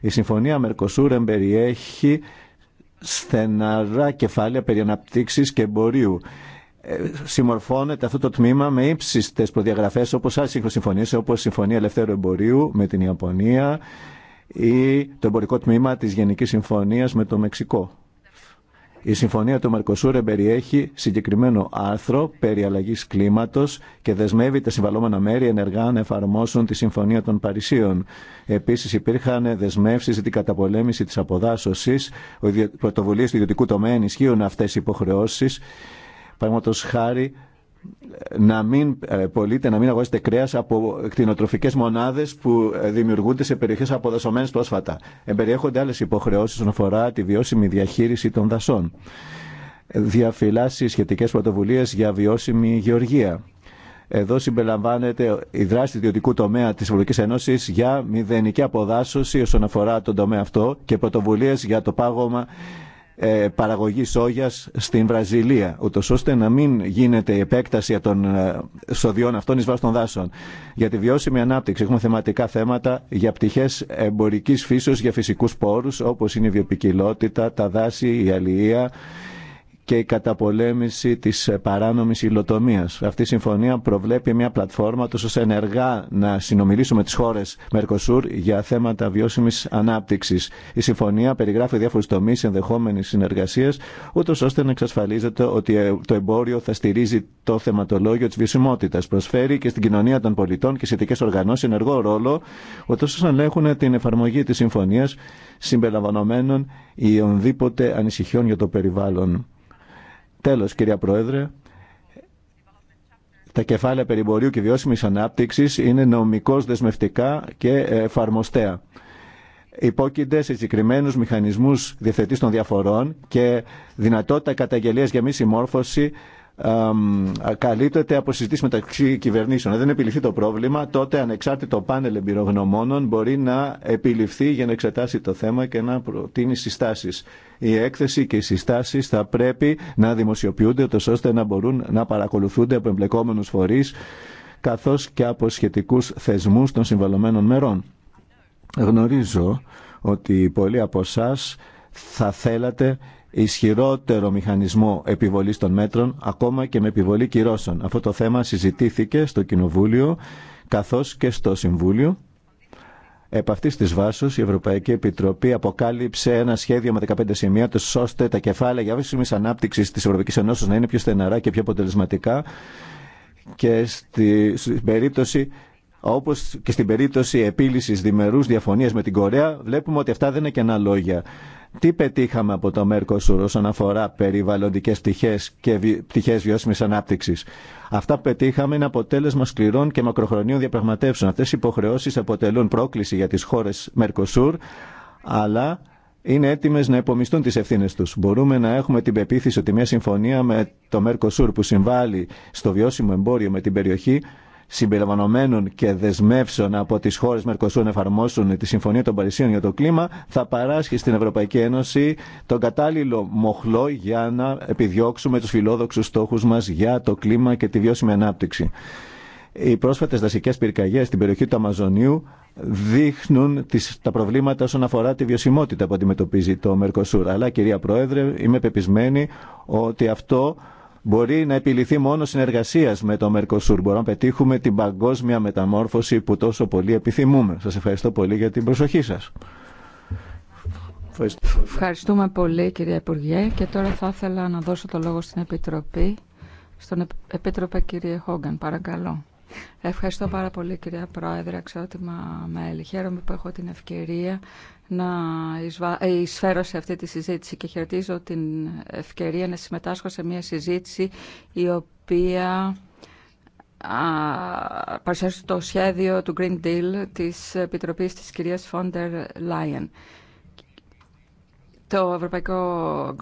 Η συμφωνία Μερκοσούρ εμπεριέχει στεναρά κεφάλαια περί αναπτύξης και εμπορίου. Ε, συμμορφώνεται αυτό το τμήμα με ύψιστε προδιαγραφέ όπω άλλε συμφωνίε, όπω η Συμφωνία Ελευθέρου Εμπορίου με την Ιαπωνία ή το εμπορικό τμήμα τη Γενική Συμφωνία με το Μεξικό. Η συμφωνία του Μερκοσούρ περιέχει συγκεκριμένο άρθρο περί αλλαγής κλίματος και δεσμεύει τα συμβαλόμενα μέρη ενεργά να εφαρμόσουν τη Συμφωνία των Παρισίων. Επίσης υπήρχαν δεσμεύσει για την καταπολέμηση της αποδάσωσης, πρωτοβουλίες του ιδιωτικού τομέα ενισχύουν αυτές οι υποχρεώσεις. Παραδείγματο χάρη να μην ε, πωλείτε, να μην αγοράσετε κρέα από κτηνοτροφικέ μονάδε που ε, δημιουργούνται σε περιοχέ αποδασωμένε πρόσφατα. Εμπεριέχονται άλλε υποχρεώσει όσον αφορά τη βιώσιμη διαχείριση των δασών. Διαφυλάσσει σχετικέ πρωτοβουλίε για βιώσιμη γεωργία. Εδώ συμπεριλαμβάνεται η δράση ιδιωτικού τομέα τη Ευρωπαϊκή Ένωση για μηδενική αποδάσωση όσον αφορά τον τομέα αυτό και πρωτοβουλίε για το πάγωμα ε, παραγωγή σόγιας στην Βραζιλία, ούτω ώστε να μην γίνεται η επέκταση των ε, σοδιών αυτών ει βάρο των δάσων. Για τη βιώσιμη ανάπτυξη έχουμε θεματικά θέματα για πτυχέ εμπορικής φύσεω για φυσικούς πόρους, όπως είναι η βιοπικιλότητα, τα δάση, η αλληλεία, και η καταπολέμηση τη παράνομη υλοτομία. Αυτή η συμφωνία προβλέπει μια πλατφόρμα τόσο σε ενεργά να συνομιλήσουμε τι χώρε Μερκοσούρ για θέματα βιώσιμη ανάπτυξη. Η συμφωνία περιγράφει διάφορους τομεί ενδεχόμενη συνεργασία, ούτω ώστε να εξασφαλίζεται ότι το εμπόριο θα στηρίζει το θεματολόγιο τη βιωσιμότητας. Προσφέρει και στην κοινωνία των πολιτών και σχετικέ οργανώσει ενεργό ρόλο, ούτω ώστε να ελέγχουν την εφαρμογή της συμφωνίας συμπεριλαμβανομένων ή ονδήποτε ανησυχιών για το περιβάλλον. Τέλος, κυρία Πρόεδρε, τα κεφάλαια περιμπορίου και βιώσιμης ανάπτυξης είναι νομικώς δεσμευτικά και εφαρμοστέα. Υπόκεινται σε συγκεκριμένου μηχανισμούς διευθετής των διαφορών και δυνατότητα καταγγελίας για μη συμμόρφωση καλύπτεται από συζητήσει μεταξύ κυβερνήσεων. Αν δεν επιληφθεί το πρόβλημα, τότε ανεξάρτητο πάνελ εμπειρογνωμόνων μπορεί να επιληφθεί για να εξετάσει το θέμα και να προτείνει συστάσει. Η έκθεση και οι συστάσει θα πρέπει να δημοσιοποιούνται, ώστε να μπορούν να παρακολουθούνται από εμπλεκόμενου φορεί καθώ και από σχετικού θεσμού των συμβαλωμένων μερών. Γνωρίζω ότι πολλοί από εσά θα θέλατε ισχυρότερο μηχανισμό επιβολής των μέτρων, ακόμα και με επιβολή κυρώσεων. Αυτό το θέμα συζητήθηκε στο Κοινοβούλιο καθώς και στο Συμβούλιο. Επ' αυτής της βάσης η Ευρωπαϊκή Επιτροπή αποκάλυψε ένα σχέδιο με 15 σημεία ώστε τα κεφάλαια για αύξηση ανάπτυξης της Ευρωπαϊκής Ενώσης να είναι πιο στεναρά και πιο αποτελεσματικά και στην περίπτωση Όπω και στην περίπτωση επίλυση διμερού διαφωνία με την Κορέα, βλέπουμε ότι αυτά δεν είναι κενά λόγια. Τι πετύχαμε από το Μέρκοσουρ όσον αφορά περιβαλλοντικέ πτυχέ και πτυχέ βιώσιμη ανάπτυξη. Αυτά που πετύχαμε είναι αποτέλεσμα σκληρών και μακροχρονίων διαπραγματεύσεων. Αυτέ οι υποχρεώσει αποτελούν πρόκληση για τι χώρε Μέρκοσουρ, αλλά είναι έτοιμε να επομιστούν τι ευθύνε του. Μπορούμε να έχουμε την πεποίθηση ότι μια συμφωνία με το Mercosur που συμβάλλει στο βιώσιμο εμπόριο με την περιοχή συμπεριλαμβανομένων και δεσμεύσεων από τι χώρε Μερκοσούρ να εφαρμόσουν τη Συμφωνία των Παρισίων για το κλίμα, θα παράσχει στην Ευρωπαϊκή Ένωση τον κατάλληλο μοχλό για να επιδιώξουμε του φιλόδοξου στόχου μα για το κλίμα και τη βιώσιμη ανάπτυξη. Οι πρόσφατε δασικέ πυρκαγιέ στην περιοχή του Αμαζονίου δείχνουν τα προβλήματα όσον αφορά τη βιωσιμότητα που αντιμετωπίζει το Μερκοσούρ. Αλλά, κυρία Πρόεδρε, είμαι πεπισμένη ότι αυτό μπορεί να επιληθεί μόνο συνεργασία με το Μερκοσούρ. Μπορούμε να πετύχουμε την παγκόσμια μεταμόρφωση που τόσο πολύ επιθυμούμε. Σα ευχαριστώ πολύ για την προσοχή σα. Ευχαριστούμε πολύ κυρία Υπουργέ και τώρα θα ήθελα να δώσω το λόγο στην Επιτροπή, στον Επίτροπε κύριε Χόγκαν, παρακαλώ. Ευχαριστώ πάρα πολύ κυρία Πρόεδρε, αξιότιμα μέλη. Χαίρομαι που έχω την ευκαιρία να ε, εισφέρω σε αυτή τη συζήτηση και χαιρετίζω την ευκαιρία να συμμετάσχω σε μια συζήτηση η οποία παρουσιάζει το σχέδιο του Green Deal της Επιτροπής της κυρίας Φόντερ Λάιεν. Το Ευρωπαϊκό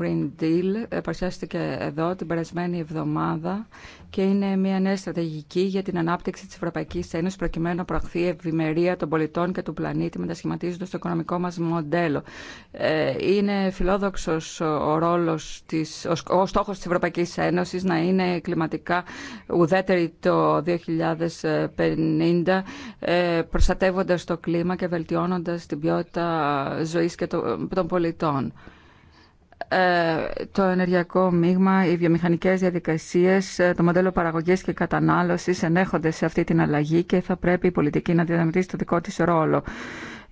Green Deal παρουσιάστηκε εδώ την περασμένη εβδομάδα και είναι μια νέα στρατηγική για την ανάπτυξη της Ευρωπαϊκής Ένωσης προκειμένου να προαχθεί η ευημερία των πολιτών και του πλανήτη μετασχηματίζοντας το οικονομικό μας μοντέλο. Ε, είναι φιλόδοξος ο, ρόλος της, ο στόχος της Ευρωπαϊκής Ένωσης να είναι κλιματικά ουδέτερη το 2050 ε, προστατεύοντας το κλίμα και βελτιώνοντας την ποιότητα ζωής και των πολιτών. Ε, το ενεργειακό μείγμα, οι βιομηχανικές διαδικασίες, ε, το μοντέλο παραγωγής και κατανάλωσης ενέχονται σε αυτή την αλλαγή και θα πρέπει η πολιτική να διαδραματίσει το δικό της ρόλο.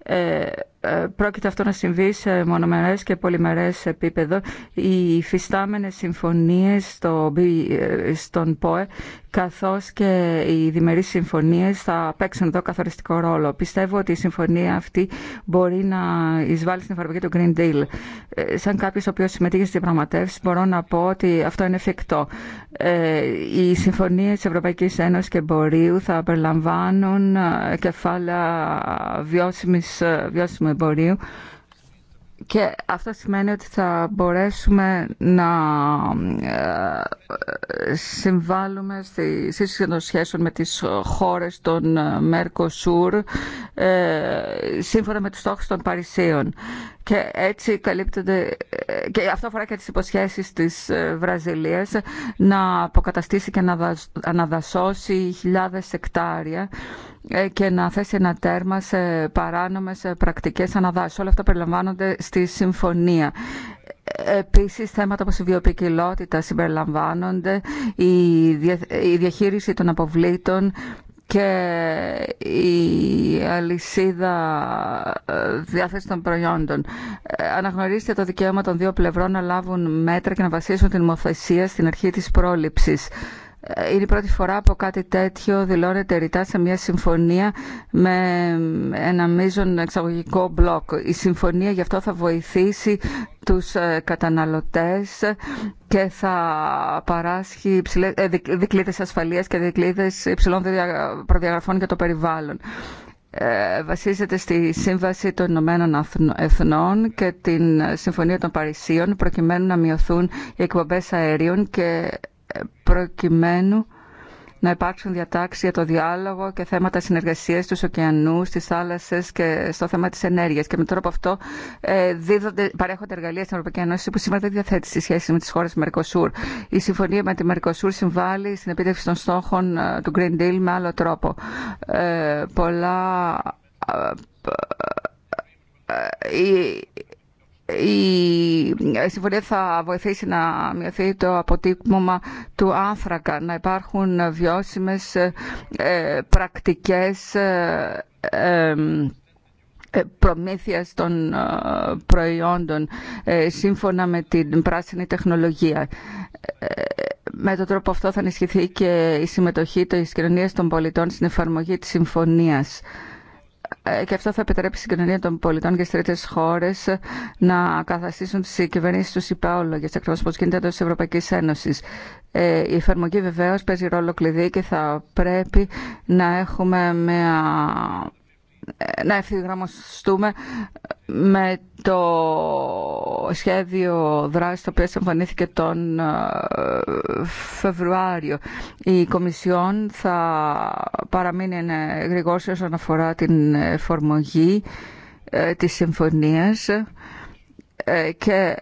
Ε, ε, πρόκειται αυτό να συμβεί σε μονομερές και πολυμερές επίπεδο. Οι φυστάμενες συμφωνίες στο, ε, στον ΠΟΕ καθώς και οι διμερείς συμφωνίες θα παίξουν εδώ καθοριστικό ρόλο. Πιστεύω ότι η συμφωνία αυτή μπορεί να εισβάλλει στην εφαρμογή του Green Deal. Ε, σαν κάποιο ο οποίο συμμετείχε στην διαπραγματεύσει, μπορώ να πω ότι αυτό είναι εφικτό. Οι συμφωνίε της Ευρωπαϊκή Ένωση και Μπορείου θα περιλαμβάνουν κεφάλαια βιώσιμου και αυτό σημαίνει ότι θα μπορέσουμε να ε, συμβάλλουμε στη σύσχεση των σχέσεων με τις χώρες των ε, Μερκοσουρ, ε, σύμφωνα με τους στόχους των Παρισίων. Και έτσι καλύπτονται, και αυτό αφορά και τις υποσχέσεις της Βραζιλίας, να αποκαταστήσει και να αναδασώσει χιλιάδες εκτάρια ε, και να θέσει ένα τέρμα σε παράνομες ε, πρακτικές αναδάσεις. Όλα αυτά περιλαμβάνονται στη συμφωνία. Ε, επίσης, θέματα όπως η βιοπικιλότητα συμπεριλαμβάνονται, η διαχείριση των αποβλήτων και η αλυσίδα διάθεση των προϊόντων. Αναγνωρίζεται το δικαίωμα των δύο πλευρών να λάβουν μέτρα και να βασίσουν την νομοθεσία στην αρχή της πρόληψης. Ε, είναι η πρώτη φορά που κάτι τέτοιο δηλώνεται ρητά σε μια συμφωνία με ένα μείζον εξαγωγικό μπλοκ. Η συμφωνία γι' αυτό θα βοηθήσει τους ε, καταναλωτές και θα παράσχει ε, δικλείδες ασφαλείας και δικλείδες υψηλών προδιαγραφών για το περιβάλλον βασίζεται στη Σύμβαση των Ηνωμένων Εθνών και την Συμφωνία των Παρισίων προκειμένου να μειωθούν οι εκπομπές αερίων και προκειμένου να υπάρξουν διατάξεις για το διάλογο και θέματα συνεργασίας στους ωκεανούς, στις θάλασσες και στο θέμα της ενέργειας. Και με τον τρόπο αυτό ε, δίδονται, παρέχονται εργαλεία στην Ευρωπαϊκή Ένωση που σήμερα δεν διαθέτει στη σχέση με τις χώρες του Μερκοσούρ. Η συμφωνία με τη Μερκοσούρ συμβάλλει στην επίτευξη των στόχων ε, του Green Deal με άλλο τρόπο. Ε, πολλά η συμφωνία θα βοηθήσει να μειωθεί το αποτύπωμα του άνθρακα, να υπάρχουν βιώσιμες ε, πρακτικές ε, ε, προμήθειας των προϊόντων σύμφωνα με την πράσινη τεχνολογία. Με τον τρόπο αυτό θα ενισχυθεί και η συμμετοχή της κοινωνίας των πολιτών στην εφαρμογή της συμφωνίας. Ε, και αυτό θα επιτρέψει στην κοινωνία των πολιτών και στι τρίτε χώρε να καθαστήσουν τι κυβερνήσει του υπεόλογε εκπρόσωπου εντό τη Ευρωπαϊκή Ένωση. Ε, η εφαρμογή βεβαίω παίζει ρόλο κλειδί και θα πρέπει να έχουμε μια να ευθυγραμμιστούμε με το σχέδιο δράσης το οποίο συμφωνήθηκε τον ε, Φεβρουάριο. Η Κομισιόν θα παραμείνει γρηγόρη όσον αφορά την εφαρμογή ε, της συμφωνίας ε, και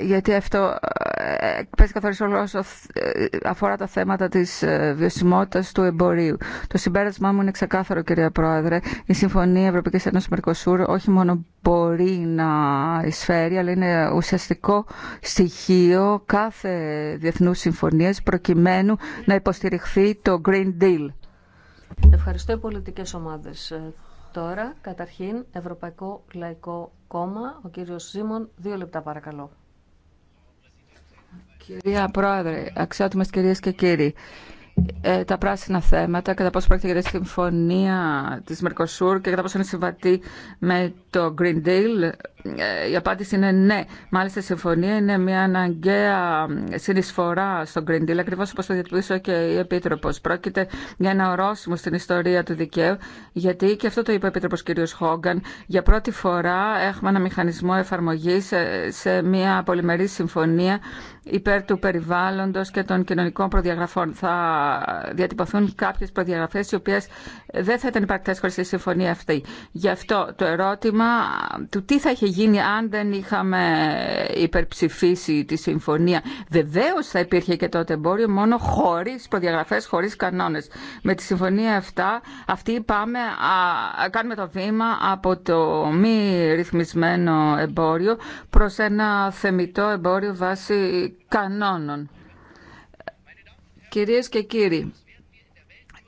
γιατί αυτό ε, ε, παίζει όλο όσο ε, αφορά τα θέματα της βιωσιμότητας του εμπορίου. Το συμπέρασμά μου είναι ξεκάθαρο, κυρία Πρόεδρε. Η Συμφωνία Ευρωπαϊκής Ένωσης Μερκοσούρ όχι μόνο μπορεί να εισφέρει, αλλά είναι ουσιαστικό στοιχείο κάθε διεθνούς συμφωνίας προκειμένου να υποστηριχθεί το Green Deal. Ευχαριστώ οι πολιτικές ομάδες. Τώρα, καταρχήν, Ευρωπαϊκό Λαϊκό κόμμα, ο κύριος Σίμων. Δύο λεπτά παρακαλώ. Κυρία Πρόεδρε, αξιότιμες κυρίες και κύριοι, ε, τα πράσινα θέματα, κατά πόσο πρόκειται για τη συμφωνία της Μερκοσούρ και κατά πόσο είναι συμβατή με το Green Deal, ε, η απάντηση είναι ναι. Μάλιστα η συμφωνία είναι μια αναγκαία συνεισφορά στον Green Deal, ακριβώ όπω το διατυπώσε και η Επίτροπο. Πρόκειται για ένα ορόσημο στην ιστορία του δικαίου, γιατί και αυτό το είπε ο Επίτροπο κ. Χόγκαν, για πρώτη φορά έχουμε ένα μηχανισμό εφαρμογή σε μια πολυμερή συμφωνία υπέρ του περιβάλλοντο και των κοινωνικών προδιαγραφών. Θα διατυπωθούν κάποιε προδιαγραφέ, οι οποίε δεν θα ήταν υπαρκτέ χωρί τη συμφωνία αυτή. Γι' αυτό το ερώτημα του τι θα είχε γίνει αν δεν είχαμε υπερψηφίσει τη συμφωνία. Βεβαίω θα υπήρχε και τότε εμπόριο μόνο χωρί προδιαγραφέ, χωρί κανόνε. Με τη συμφωνία αυτά, αυτή πάμε, α, κάνουμε το βήμα από το μη ρυθμισμένο εμπόριο προς ένα θεμητό εμπόριο βάσει κανόνων. Κυρίες και κύριοι,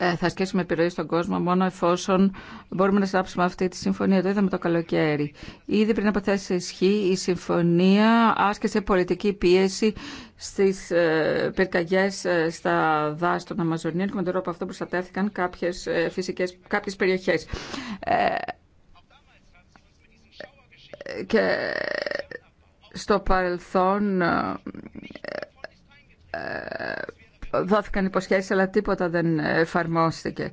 ε, θα ασκήσουμε επιρροή στον κόσμο μόνο εφόσον μπορούμε να συνάψουμε αυτή τη συμφωνία. Το είδαμε το καλοκαίρι. Ήδη πριν από θέση ισχύ η συμφωνία άσκησε πολιτική πίεση στις ε, πυρκαγιές ε, στα δάση των Αμαζονίων και με τον τρόπο αυτό προστατεύθηκαν κάποιες, φυσικές, κάποιες περιοχές. και στο παρελθόν δόθηκαν υποσχέσεις αλλά τίποτα δεν εφαρμόστηκε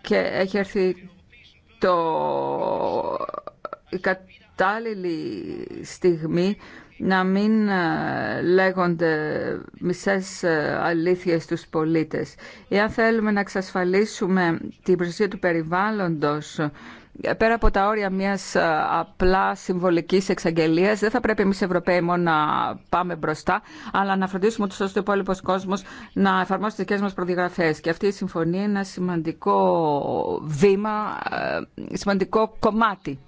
και έχει έρθει το... η κατάλληλη στιγμή να μην ε, λέγονται μισές ε, αλήθειες στους πολίτες. Εάν θέλουμε να εξασφαλίσουμε την προστασία του περιβάλλοντος πέρα από τα όρια μιας ε, απλά συμβολικής εξαγγελίας δεν θα πρέπει εμείς Ευρωπαίοι μόνο να πάμε μπροστά αλλά να φροντίσουμε τους ώστε ο υπόλοιπο κόσμος να εφαρμόσει τις δικές μας προδιαγραφές και αυτή η συμφωνία είναι ένα σημαντικό βήμα, ε, σημαντικό κομμάτι.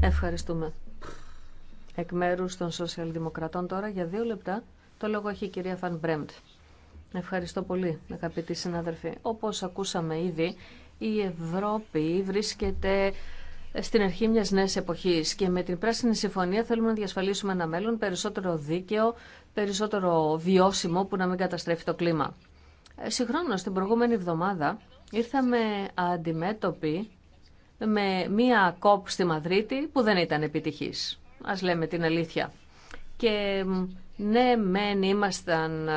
Ευχαριστούμε. Εκ μέρου των Σοσιαλδημοκρατών τώρα για δύο λεπτά το λόγο έχει η κυρία Φαν Ευχαριστώ πολύ, αγαπητοί συνάδελφοι. Όπως ακούσαμε ήδη, η Ευρώπη βρίσκεται στην αρχή μιας νέας εποχής και με την Πράσινη Συμφωνία θέλουμε να διασφαλίσουμε ένα μέλλον περισσότερο δίκαιο, περισσότερο βιώσιμο που να μην καταστρέφει το κλίμα. Ε, Συγχρόνω, την προηγούμενη εβδομάδα ήρθαμε αντιμέτωποι με μία κόπ στη Μαδρίτη που δεν ήταν επιτυχής. Ας λέμε την αλήθεια. Και ναι, μεν ήμασταν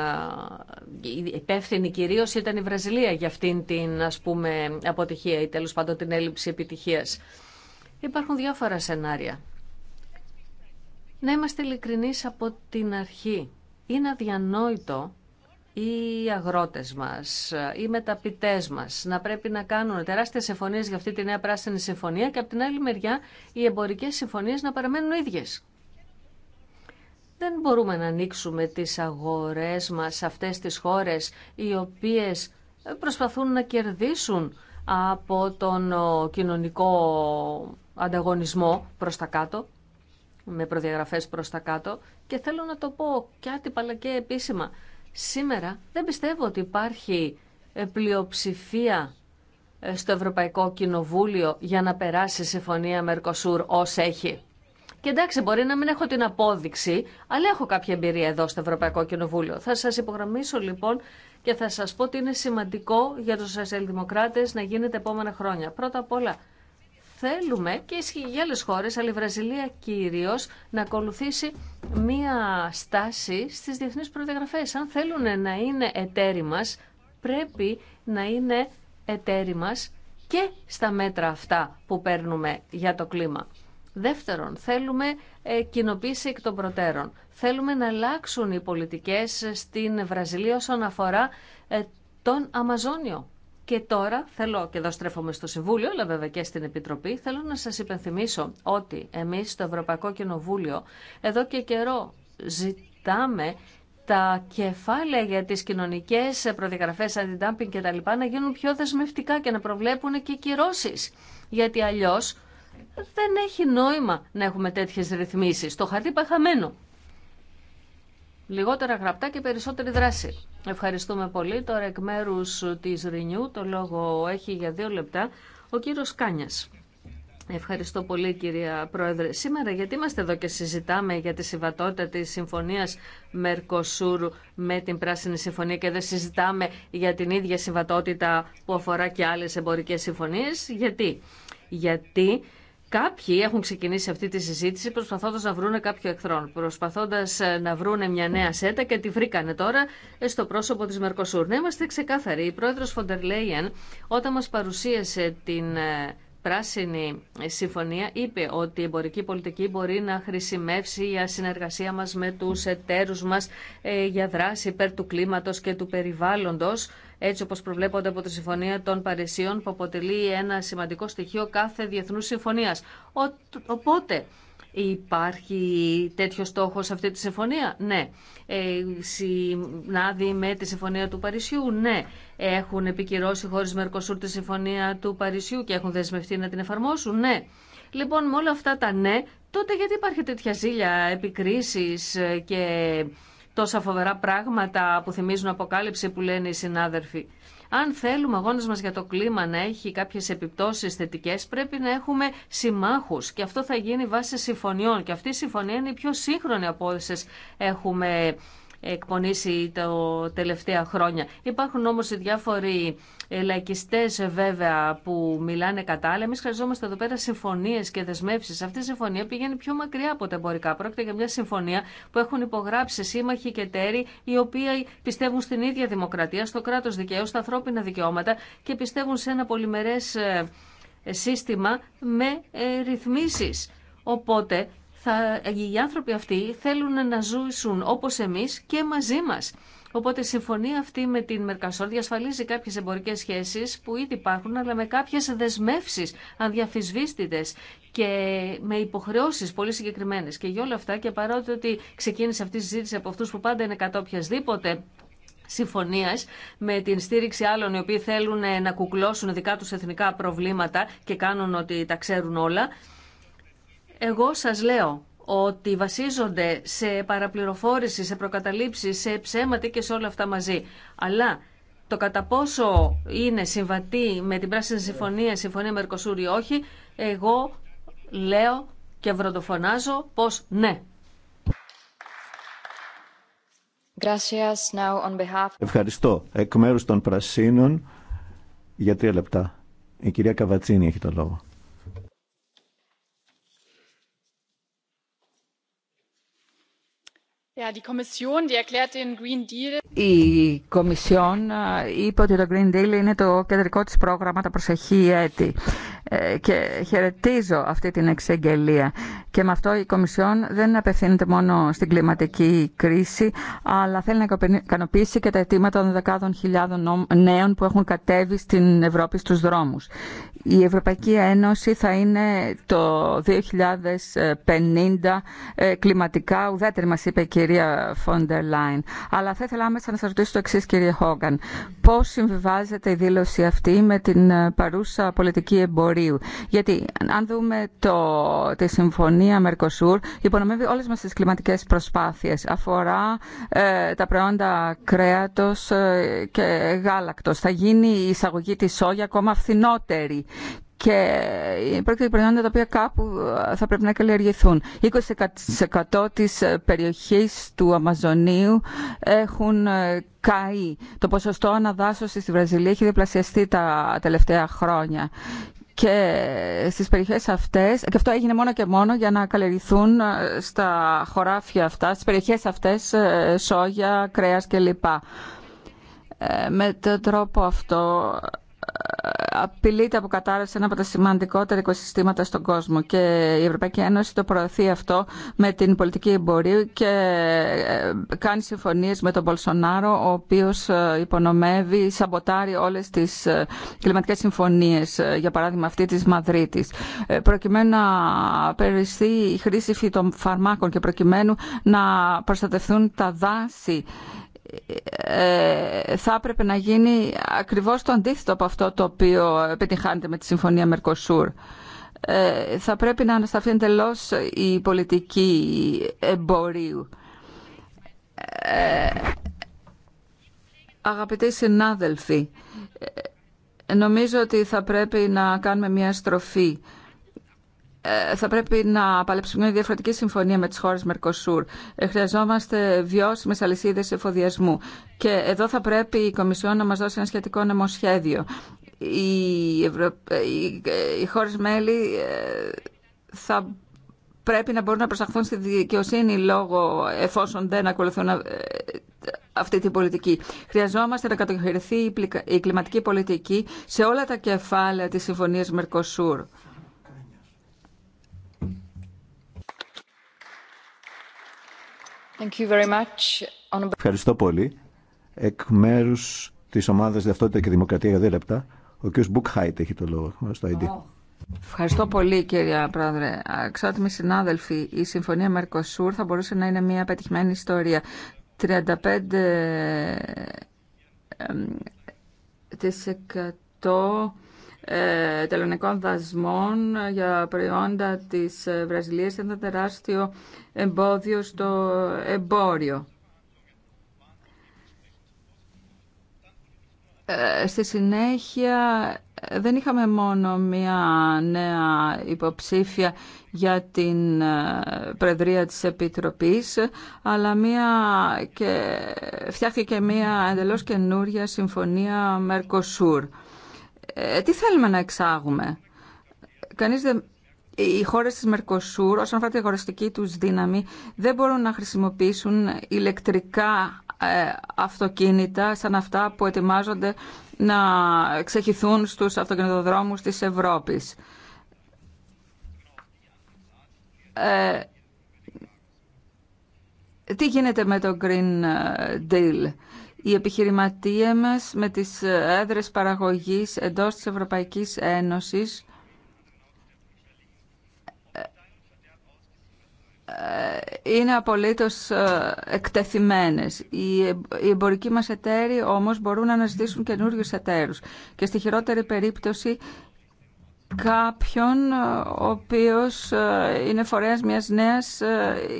υπεύθυνοι κυρίως, ήταν η Βραζιλία για αυτήν την ας πούμε αποτυχία ή τέλος πάντων την έλλειψη επιτυχίας. Υπάρχουν διάφορα σενάρια. Να είμαστε ειλικρινεί από την αρχή. Είναι αδιανόητο οι αγρότες μας, οι μεταπιτές μας να πρέπει να κάνουν τεράστιες συμφωνίες για αυτή τη νέα πράσινη συμφωνία και από την άλλη μεριά οι εμπορικές συμφωνίες να παραμένουν ίδιες. Δεν μπορούμε να ανοίξουμε τις αγορές μας σε αυτές τις χώρες οι οποίες προσπαθούν να κερδίσουν από τον κοινωνικό ανταγωνισμό προς τα κάτω, με προδιαγραφές προς τα κάτω. Και θέλω να το πω και άτυπα αλλά και επίσημα. Σήμερα δεν πιστεύω ότι υπάρχει ε, πλειοψηφία ε, στο Ευρωπαϊκό Κοινοβούλιο για να περάσει συμφωνία Μερκοσούρ ως έχει. Και εντάξει, μπορεί να μην έχω την απόδειξη, αλλά έχω κάποια εμπειρία εδώ στο Ευρωπαϊκό Κοινοβούλιο. Θα σα υπογραμμίσω λοιπόν και θα σα πω ότι είναι σημαντικό για του σοσιαλδημοκράτε να γίνεται επόμενα χρόνια. Πρώτα απ' όλα, θέλουμε και ισχύει για άλλε χώρε, αλλά η Βραζιλία κυρίω, να ακολουθήσει μία στάση στι διεθνεί προδιαγραφέ. Αν θέλουν να είναι εταίροι μα, πρέπει να είναι εταίροι μα και στα μέτρα αυτά που παίρνουμε για το κλίμα. Δεύτερον, θέλουμε ε, κοινοποίηση εκ των προτέρων. Θέλουμε να αλλάξουν οι πολιτικές ε, στην Βραζιλία όσον αφορά ε, τον Αμαζόνιο. Και τώρα θέλω, και εδώ στρέφομαι στο Συμβούλιο, αλλά βέβαια και στην Επιτροπή, θέλω να σας υπενθυμίσω ότι εμείς στο Ευρωπαϊκό Κοινοβούλιο εδώ και καιρό ζητάμε τα κεφάλαια για τις κοινωνικές προδιαγραφές αντιντάμπινγκ και τα λοιπά να γίνουν πιο δεσμευτικά και να προβλέπουν και κυρώσεις. Γιατί αλλιώς δεν έχει νόημα να έχουμε τέτοιες ρυθμίσεις. Το χαρτί πάει χαμένο. Λιγότερα γραπτά και περισσότερη δράση. Ευχαριστούμε πολύ. Τώρα εκ μέρου της Ρινιού το λόγο έχει για δύο λεπτά ο κύριος Κάνιας. Ευχαριστώ πολύ κυρία Πρόεδρε. Σήμερα γιατί είμαστε εδώ και συζητάμε για τη συμβατότητα της συμφωνίας μερκοσούρ με την Πράσινη Συμφωνία και δεν συζητάμε για την ίδια συμβατότητα που αφορά και άλλες εμπορικές συμφωνίες. Γιατί. Γιατί Κάποιοι έχουν ξεκινήσει αυτή τη συζήτηση προσπαθώντα να βρούνε κάποιο εχθρόν, προσπαθώντα ε, να βρούνε μια νέα σέτα και τη βρήκανε τώρα ε, στο πρόσωπο τη Μερκοσούρ. Να είμαστε ξεκάθαροι. Η πρόεδρο Φοντερ Λέιεν, όταν μα παρουσίασε την ε, Πράσινη Συμφωνία, είπε ότι η εμπορική πολιτική μπορεί να χρησιμεύσει για συνεργασία μα με του εταίρου μα για δράση υπέρ του κλίματο και του περιβάλλοντο έτσι όπως προβλέπονται από τη Συμφωνία των Παρισίων που αποτελεί ένα σημαντικό στοιχείο κάθε διεθνούς συμφωνίας. Οπότε υπάρχει τέτοιο στόχο σε αυτή τη συμφωνία. Ναι. Ε, συνάδει με τη συμφωνία του Παρισιού. Ναι. Έχουν επικυρώσει χώρε Μερκοσούρ τη συμφωνία του Παρισιού και έχουν δεσμευτεί να την εφαρμόσουν. Ναι. Λοιπόν, με όλα αυτά τα ναι, τότε γιατί υπάρχει τέτοια ζήλια, επικρίσεις ε, και τόσα φοβερά πράγματα που θυμίζουν αποκάλυψη που λένε οι συνάδελφοι. Αν θέλουμε ο αγώνα μα για το κλίμα να έχει κάποιε επιπτώσει θετικέ, πρέπει να έχουμε συμμάχου. Και αυτό θα γίνει βάσει συμφωνιών. Και αυτή η συμφωνία είναι η πιο σύγχρονη από όσε έχουμε εκπονήσει τα τελευταία χρόνια. Υπάρχουν όμως οι διάφοροι ε, λαϊκιστές βέβαια που μιλάνε κατά, αλλά εμείς χρειαζόμαστε εδώ πέρα συμφωνίες και δεσμεύσεις. Αυτή η συμφωνία πηγαίνει πιο μακριά από τα εμπορικά. Πρόκειται για μια συμφωνία που έχουν υπογράψει σύμμαχοι και τέρι, οι οποίοι πιστεύουν στην ίδια δημοκρατία, στο κράτος δικαίου, στα ανθρώπινα δικαιώματα και πιστεύουν σε ένα πολυμερές ε, σύστημα με ε, ρυθμίσεις. Οπότε θα, οι άνθρωποι αυτοί θέλουν να ζούσουν όπως εμείς και μαζί μας. Οπότε η συμφωνία αυτή με την Μερκασόρ διασφαλίζει κάποιε εμπορικέ σχέσει που ήδη υπάρχουν, αλλά με κάποιε δεσμεύσει αδιαφυσβήστητε και με υποχρεώσει πολύ συγκεκριμένε. Και για όλα αυτά, και παρότι ότι ξεκίνησε αυτή η συζήτηση από αυτού που πάντα είναι κατά οποιασδήποτε συμφωνία με την στήριξη άλλων οι οποίοι θέλουν να κουκλώσουν δικά του εθνικά προβλήματα και κάνουν ότι τα ξέρουν όλα εγώ σας λέω ότι βασίζονται σε παραπληροφόρηση, σε προκαταλήψει, σε ψέματα και σε όλα αυτά μαζί. Αλλά το κατά πόσο είναι συμβατή με την Πράσινη Συμφωνία, Συμφωνία Μερκοσούρη ή όχι, εγώ λέω και βροντοφωνάζω πως ναι. Ευχαριστώ. Εκ μέρους των Πρασίνων για τρία λεπτά. Η κυρία Καβατσίνη έχει το λόγο. Η Κομισιόν ε, είπε ότι το Green Deal είναι το κεντρικό της πρόγραμμα τα προσεχή έτη. Ε, και χαιρετίζω αυτή την εξεγγελία. Και με αυτό η Κομισιόν δεν απευθύνεται μόνο στην κλιματική κρίση, αλλά θέλει να ικανοποιήσει και τα αιτήματα των δεκάδων χιλιάδων νέων που έχουν κατέβει στην Ευρώπη στους δρόμους. Η Ευρωπαϊκή Ένωση θα είναι το 2050 ε, κλιματικά ουδέτερη, μας είπε η κυρία Φόντερ Λάιν. Αλλά θα ήθελα άμεσα να σας ρωτήσω το εξή κύριε Χόγκαν. Πώς συμβιβάζεται η δήλωση αυτή με την ε, παρούσα πολιτική εμπορία γιατί αν δούμε το, τη συμφωνία Μερκοσούρ, υπονομεύει όλες μας τις κλιματικές προσπάθειες. Αφορά ε, τα προϊόντα κρέατος ε, και γάλακτος. Θα γίνει η εισαγωγή της σόγια ακόμα φθηνότερη και πρόκειται προϊόντα τα οποία κάπου ε, θα πρέπει να καλλιεργηθούν. 20% της περιοχής του Αμαζονίου έχουν καεί. Το ποσοστό αναδάσωσης στη Βραζιλία έχει διπλασιαστεί τα τελευταία χρόνια και στις περιοχές αυτές, και αυτό έγινε μόνο και μόνο για να καλλιεργηθούν ε, στα χωράφια αυτά, στις περιοχές αυτές ε, σόγια, κρέας κλπ. Ε, με τον τρόπο αυτό απειλείται από κατάρρευση ένα από τα σημαντικότερα οικοσυστήματα στον κόσμο και η Ευρωπαϊκή Ένωση το προωθεί αυτό με την πολιτική εμπορίου και ε, κάνει συμφωνίες με τον Πολσονάρο ο οποίος ε, υπονομεύει, σαμποτάρει όλες τις ε, κλιματικές συμφωνίες για παράδειγμα αυτή της Μαδρίτης προκειμένου να περιοριστεί η χρήση φυτοφαρμάκων και προκειμένου να προστατευτούν τα δάση ε, θα έπρεπε να γίνει ακριβώς το αντίθετο από αυτό το οποίο επιτυχάνεται με τη Συμφωνία Μερκοσούρ. Ε, θα πρέπει να ανασταθεί εντελώ η πολιτική εμπορίου. Ε, αγαπητοί συνάδελφοι, νομίζω ότι θα πρέπει να κάνουμε μια στροφή ε, θα πρέπει να παλέψουμε μια διαφορετική συμφωνία με τις χώρες Μερκοσούρ. Ε, χρειαζόμαστε βιώσιμες αλυσίδες εφοδιασμού. Και εδώ θα πρέπει η Κομισιόν να μας δώσει ένα σχετικό νομοσχέδιο. Οι, Ευρω... Ε, οι χώρες μέλη θα πρέπει να μπορούν να προσαχθούν στη δικαιοσύνη λόγω εφόσον δεν ακολουθούν αυτή την πολιτική. Χρειαζόμαστε να κατοχυρηθεί η κλιματική πολιτική σε όλα τα κεφάλαια της Συμφωνίας Μερκοσούρ. Ευχαριστώ πολύ. Εκ μέρου τη ομάδα Δαυτότητα και Δημοκρατία για δύο λεπτά, ο κ. Μπουκχάιτ έχει το λόγο στο ID. Ευχαριστώ πολύ κύριε Πρόεδρε. Αξιότιμοι συνάδελφοι, η Συμφωνία Μερκοσούρ θα μπορούσε να είναι μια πετυχημένη ιστορία. 35 ε, τελωνικών δασμών για προϊόντα της ε, Βραζιλίας ήταν τεράστιο εμπόδιο στο εμπόριο. Ε, στη συνέχεια δεν είχαμε μόνο μία νέα υποψήφια για την Προεδρία της Επιτροπής, αλλά μία και φτιάχτηκε μία εντελώς καινούρια συμφωνία Mercosur. Ε, τι θέλουμε να εξάγουμε. Κανείς δεν... Οι χώρες της Μερκοσούρ, όσον αφορά τη αγοραστική τους δύναμη, δεν μπορούν να χρησιμοποιήσουν ηλεκτρικά ε, αυτοκίνητα σαν αυτά που ετοιμάζονται να ξεχυθούν στους αυτοκινητοδρόμους της Ευρώπης. Ε, τι γίνεται με το Green Deal οι επιχειρηματίε μας με τις έδρες παραγωγής εντός της Ευρωπαϊκής Ένωσης ε, είναι απολύτως ε, εκτεθειμένες. Οι εμπορικοί μας εταίροι όμως μπορούν να αναζητήσουν καινούριου εταίρους και στη χειρότερη περίπτωση κάποιον ε, ο οποίος είναι φορέας μιας νέας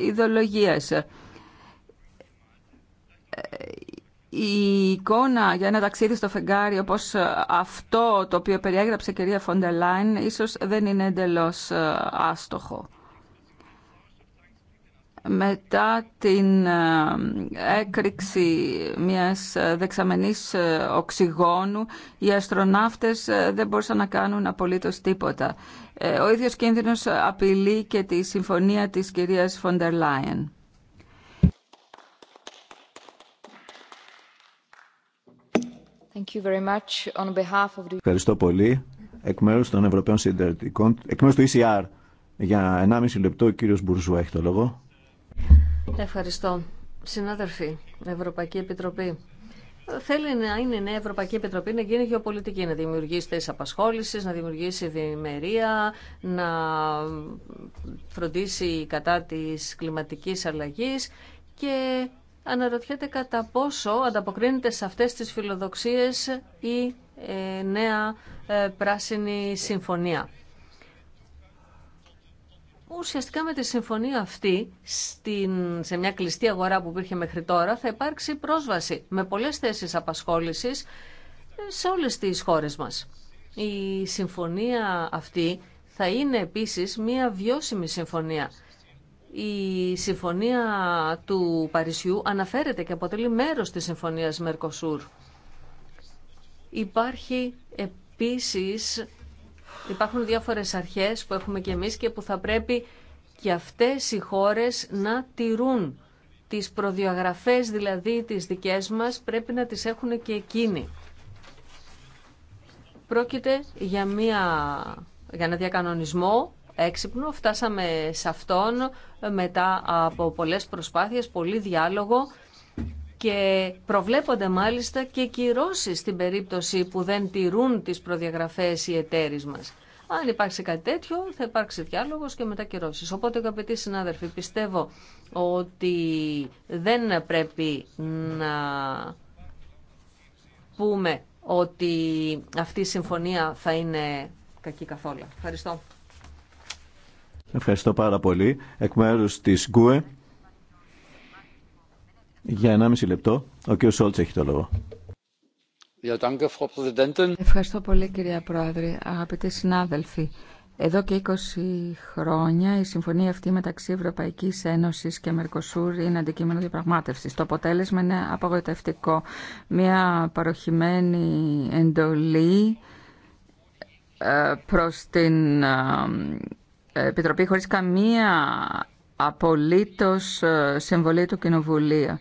ιδεολογίας η εικόνα για ένα ταξίδι στο φεγγάρι όπως αυτό το οποίο περιέγραψε η κυρία Φοντελάιν ίσως δεν είναι εντελώς ε, άστοχο. Μετά την ε, έκρηξη μιας δεξαμενής ε, οξυγόνου, οι αστροναύτες δεν μπορούσαν να κάνουν απολύτως τίποτα. Ο ίδιος κίνδυνος απειλεί και τη συμφωνία της κυρίας Φοντερ Ευχαριστώ πολύ. Εκ μέρους των Ευρωπαίων Συντηρητικών, εκ μέρους του ECR, για 1,5 λεπτό ο κύριο Μπουρζουά έχει το λόγο. Ευχαριστώ. Συνάδελφοι, Ευρωπαϊκή Επιτροπή. Θέλει να είναι η Νέα Ευρωπαϊκή Επιτροπή να γίνει γεωπολιτική, να δημιουργήσει θέσει απασχόληση, να δημιουργήσει ευημερία, να φροντίσει κατά τη κλιματική αλλαγή και αναρωτιέται κατά πόσο ανταποκρίνεται σε αυτές τις φιλοδοξίες η ε, νέα ε, πράσινη συμφωνία. Ουσιαστικά με τη συμφωνία αυτή, στην, σε μια κλειστή αγορά που υπήρχε μέχρι τώρα, θα υπάρξει πρόσβαση με πολλές θέσεις απασχόλησης ε, σε όλες τις χώρες μας. Η συμφωνία αυτή θα είναι επίσης μια βιώσιμη συμφωνία η συμφωνία του Παρισιού αναφέρεται και αποτελεί μέρος της συμφωνίας Μερκοσούρ. Υπάρχει επίσης, υπάρχουν διάφορες αρχές που έχουμε και εμείς και που θα πρέπει και αυτές οι χώρες να τηρούν τις προδιαγραφές δηλαδή τις δικές μας πρέπει να τις έχουν και εκείνοι. Πρόκειται για, μια, για ένα διακανονισμό έξυπνο. Φτάσαμε σε αυτόν μετά από πολλές προσπάθειες, πολύ διάλογο και προβλέπονται μάλιστα και κυρώσεις στην περίπτωση που δεν τηρούν τις προδιαγραφές οι εταίρεις μας. Αν υπάρξει κάτι τέτοιο, θα υπάρξει διάλογο και μετά κυρώσει. Οπότε, αγαπητοί συνάδελφοι, πιστεύω ότι δεν πρέπει να πούμε ότι αυτή η συμφωνία θα είναι κακή καθόλου. Ευχαριστώ. Ευχαριστώ πάρα πολύ. Εκ μέρου τη ΓΚΟΕ, για 1,5 λεπτό, ο κ. Σόλτ έχει το λόγο. Ευχαριστώ πολύ, κυρία Πρόεδρε. Αγαπητοί συνάδελφοι, εδώ και 20 χρόνια η συμφωνία αυτή μεταξύ Ευρωπαϊκή Ένωση και Μερκοσούρ είναι αντικείμενο διαπραγμάτευση. Το αποτέλεσμα είναι απογοητευτικό. Μια παροχημένη εντολή ε, προς την ε, Επιτροπή χωρίς καμία απολύτως ε, συμβολή του Κοινοβουλίου.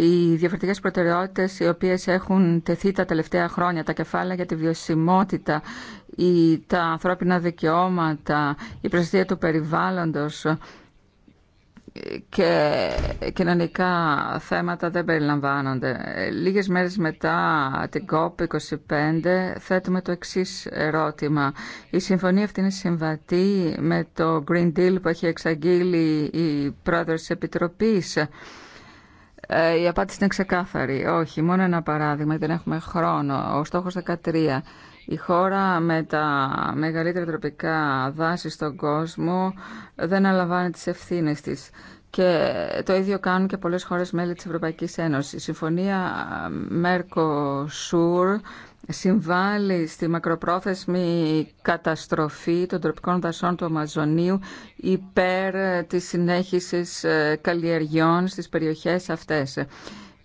Οι διαφορετικές προτεραιότητες οι οποίες έχουν τεθεί τα τελευταία χρόνια, τα κεφάλαια για τη βιωσιμότητα, τα ανθρώπινα δικαιώματα, η προστασία του περιβάλλοντος, και κοινωνικά θέματα δεν περιλαμβάνονται. Λίγες μέρες μετά την COP25 θέτουμε το εξής ερώτημα. Η συμφωνία αυτή είναι συμβατή με το Green Deal που έχει εξαγγείλει η πρόεδρος της Επιτροπής. Ε, η απάντηση είναι ξεκάθαρη. Όχι, μόνο ένα παράδειγμα, δεν έχουμε χρόνο. Ο στόχος 13 η χώρα με τα μεγαλύτερα τροπικά δάση στον κόσμο δεν αναλαμβάνει τις ευθύνες της. Και το ίδιο κάνουν και πολλές χώρες μέλη της Ευρωπαϊκής Ένωσης. Η συμφωνία Mercosur συμβάλλει στη μακροπρόθεσμη καταστροφή των τροπικών δασών του Αμαζονίου υπέρ της συνέχισης καλλιεργιών στις περιοχές αυτές.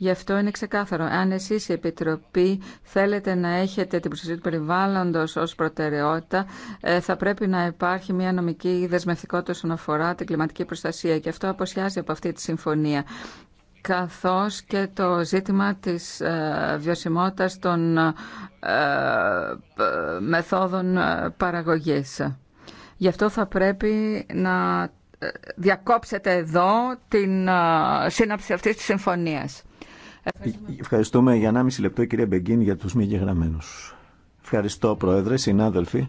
Γι' αυτό είναι ξεκάθαρο. Αν εσεί η Επιτροπή θέλετε να έχετε την προστασία του περιβάλλοντος ως προτεραιότητα, ε, θα πρέπει να υπάρχει μια νομική δεσμευτικότητα όσον αφορά την κλιματική προστασία. Και αυτό αποσιάζει από αυτή τη συμφωνία καθώς και το ζήτημα της ε, βιωσιμότητας των ε, μεθόδων παραγωγής. Γι' αυτό θα πρέπει να διακόψετε εδώ την σύναψη αυτής της συμφωνίας. Ευχαριστούμε. για 1,5 λεπτό κύριε Μπεγκίν για τους μη γεγραμμένου. Ευχαριστώ Πρόεδρε, συνάδελφοι.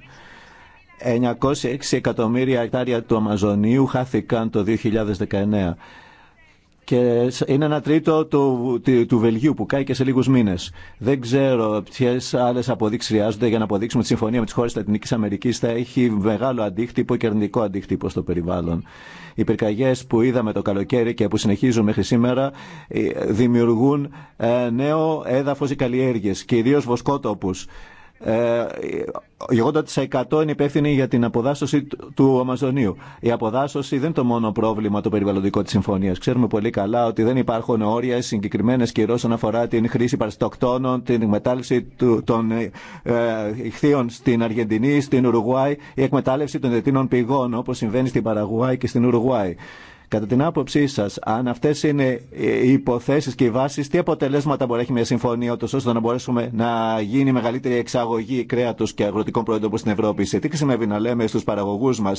906 εκατομμύρια εκτάρια του Αμαζονίου χάθηκαν το 2019 και είναι ένα τρίτο του, του Βελγίου που κάει και σε λίγου μήνε. Δεν ξέρω ποιε άλλε αποδείξει χρειάζονται για να αποδείξουμε τη συμφωνία με τι χώρε τη Λατινική Αμερική θα έχει μεγάλο αντίκτυπο και αρνητικό αντίκτυπο στο περιβάλλον. Οι πυρκαγιέ που είδαμε το καλοκαίρι και που συνεχίζουν μέχρι σήμερα ε, δημιουργούν ε, νέο έδαφο ή καλλιέργειε, κυρίω βοσκότοπου. 80% ε, είναι υπεύθυνοι για την αποδάσωση του Αμαζονίου. Η αποδάσωση δεν είναι το μόνο πρόβλημα το περιβαλλοντικό τη συμφωνία. Ξέρουμε πολύ καλά ότι δεν υπάρχουν όρια συγκεκριμένε καιρό όσον αφορά την χρήση παραστοκτόνων, την εκμετάλλευση των ε, ηχθείων στην Αργεντινή, στην Ουρουγουάη, η εκμετάλλευση των δετίνων πηγών όπω συμβαίνει στην Παραγουάη και στην Ουρουγουάη. Κατά την άποψή σα, αν αυτέ είναι οι ε, υποθέσει και οι βάσει, τι αποτελέσματα μπορεί να έχει μια συμφωνία, ώστε να μπορέσουμε να γίνει μεγαλύτερη εξαγωγή κρέατο και αγροτικών προϊόντων στην την Ευρώπη. Σε τι χρησιμεύει να λέμε στου παραγωγού μα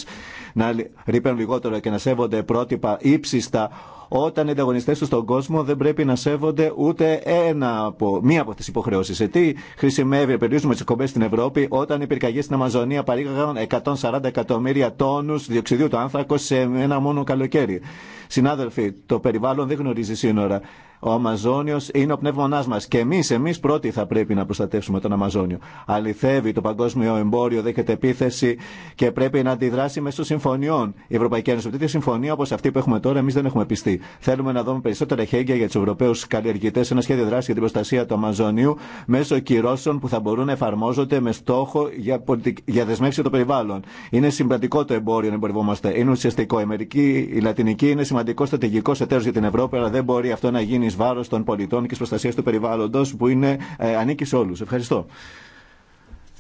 να ρίπαν λιγότερο και να σέβονται πρότυπα ύψιστα όταν οι ανταγωνιστέ του στον κόσμο δεν πρέπει να σέβονται ούτε ένα από, μία από τι υποχρεώσει. Σε τι χρησιμεύει, περιορίζουμε τι εκπομπέ στην Ευρώπη, όταν οι πυρκαγιέ στην Αμαζονία παρήγαγαν 140 εκατομμύρια τόνου διοξιδίου του άνθρακο σε ένα μόνο καλοκαίρι. Συνάδελφοι, το περιβάλλον δεν γνωρίζει σύνορα. Ο Αμαζόνιο είναι ο πνεύμονά μα. Και εμεί, εμεί πρώτοι θα πρέπει να προστατεύσουμε τον Αμαζόνιο. Αληθεύει το παγκόσμιο εμπόριο, δέχεται επίθεση και πρέπει να αντιδράσει μέσω συμφωνιών. Η Ευρωπαϊκή Ένωση, τέτοια συμφωνία όπω αυτή που έχουμε τώρα, εμεί δεν έχουμε πιστεί. Θέλουμε να δούμε περισσότερα χέγγια για του Ευρωπαίου καλλιεργητέ, ένα σχέδιο δράση για την προστασία του Αμαζονίου μέσω κυρώσεων που θα μπορούν να εφαρμόζονται με στόχο για, πολιτικ... για δεσμεύση των περιβάλλων. Είναι σημαντικό το εμπόριο να εμπορευόμαστε. Είναι ουσιαστικό. Η, Αμερική, η Λατινική είναι σημαντικό στρατηγικό εταίρο για την Ευρώπη, αλλά δεν μπορεί αυτό να γίνει εις βάρος των πολιτών και της προστασίας του περιβάλλοντος που είναι, ε, ανήκει σε όλους. Ευχαριστώ.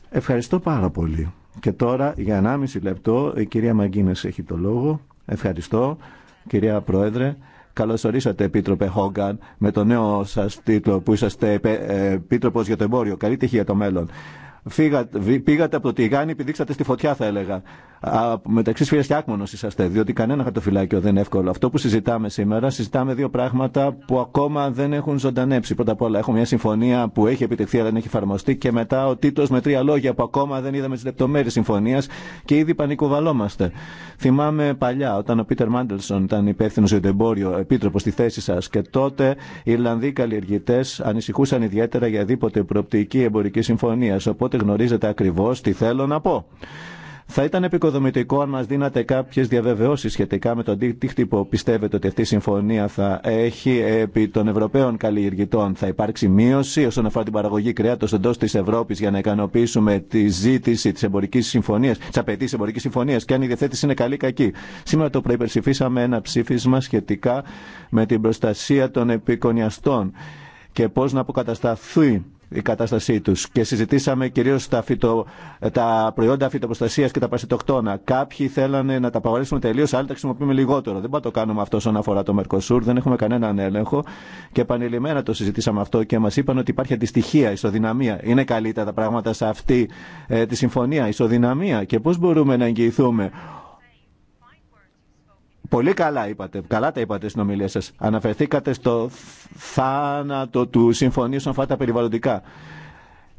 Ευχαριστώ πάρα πολύ. Και τώρα για 1,5 λεπτό η κυρία Μαγκίνες έχει το λόγο. Ευχαριστώ κυρία Πρόεδρε. Καλώς ορίσατε, Επίτροπε Χόγκαν, με το νέο σας τίτλο που είσαστε ε, Επίτροπος για το Εμπόριο. Καλή τυχή για το μέλλον. Φύγατε, πήγατε από το τηγάνι, πηδήξατε στη φωτιά, θα έλεγα. Α, μεταξύ σφυρία και άκμονο είσαστε, διότι κανένα χαρτοφυλάκιο δεν είναι εύκολο. Αυτό που συζητάμε σήμερα, συζητάμε δύο πράγματα που ακόμα δεν έχουν ζωντανέψει. Πρώτα απ' όλα, έχουμε μια συμφωνία που έχει επιτευχθεί αλλά δεν έχει εφαρμοστεί και μετά ο τίτλο με τρία λόγια που ακόμα δεν είδαμε τι λεπτομέρειε συμφωνία και ήδη πανικοβαλόμαστε. Θυμάμαι παλιά, όταν ο Πίτερ Μάντελσον ήταν υπεύθυνο για το εμπόριο, επίτροπο στη θέση σα και τότε οι Ιρλανδοί καλλιεργητέ ανησυχούσαν ιδιαίτερα για δίποτε προοπτική εμπορική συμφωνία. Οπότε γνωρίζετε ακριβώς τι θέλω να πω. Θα ήταν επικοδομητικό αν μας δίνατε κάποιες διαβεβαιώσεις σχετικά με το αντίκτυπο πιστεύετε ότι αυτή η συμφωνία θα έχει επί των Ευρωπαίων καλλιεργητών. Θα υπάρξει μείωση όσον αφορά την παραγωγή κρέατος εντός της Ευρώπης για να ικανοποιήσουμε τη ζήτηση της εμπορικής συμφωνίας, της απαιτής εμπορικής συμφωνίας και αν η διαθέτηση είναι καλή ή κακή. Σήμερα το πρωί ένα ψήφισμα σχετικά με την προστασία των επικονιαστών και πώς να αποκατασταθεί η κατάστασή του. Και συζητήσαμε κυρίω τα, φυτο, τα προϊόντα φυτοπροστασία και τα παρασιτοκτόνα. Κάποιοι θέλανε να τα απαγορεύσουμε τελείω, άλλοι τα χρησιμοποιούμε λιγότερο. Δεν πάμε το κάνουμε αυτό όσον αφορά το Μερκοσούρ, δεν έχουμε κανέναν έλεγχο. Και επανειλημμένα το συζητήσαμε αυτό και μα είπαν ότι υπάρχει αντιστοιχεία, ισοδυναμία. Είναι καλύτερα τα πράγματα σε αυτή ε, τη συμφωνία, ισοδυναμία. Και πώ μπορούμε να εγγυηθούμε Πολύ καλά είπατε, καλά τα είπατε στην ομιλία σας. Αναφερθήκατε στο θάνατο του συμφωνίου στον φάτα περιβαλλοντικά.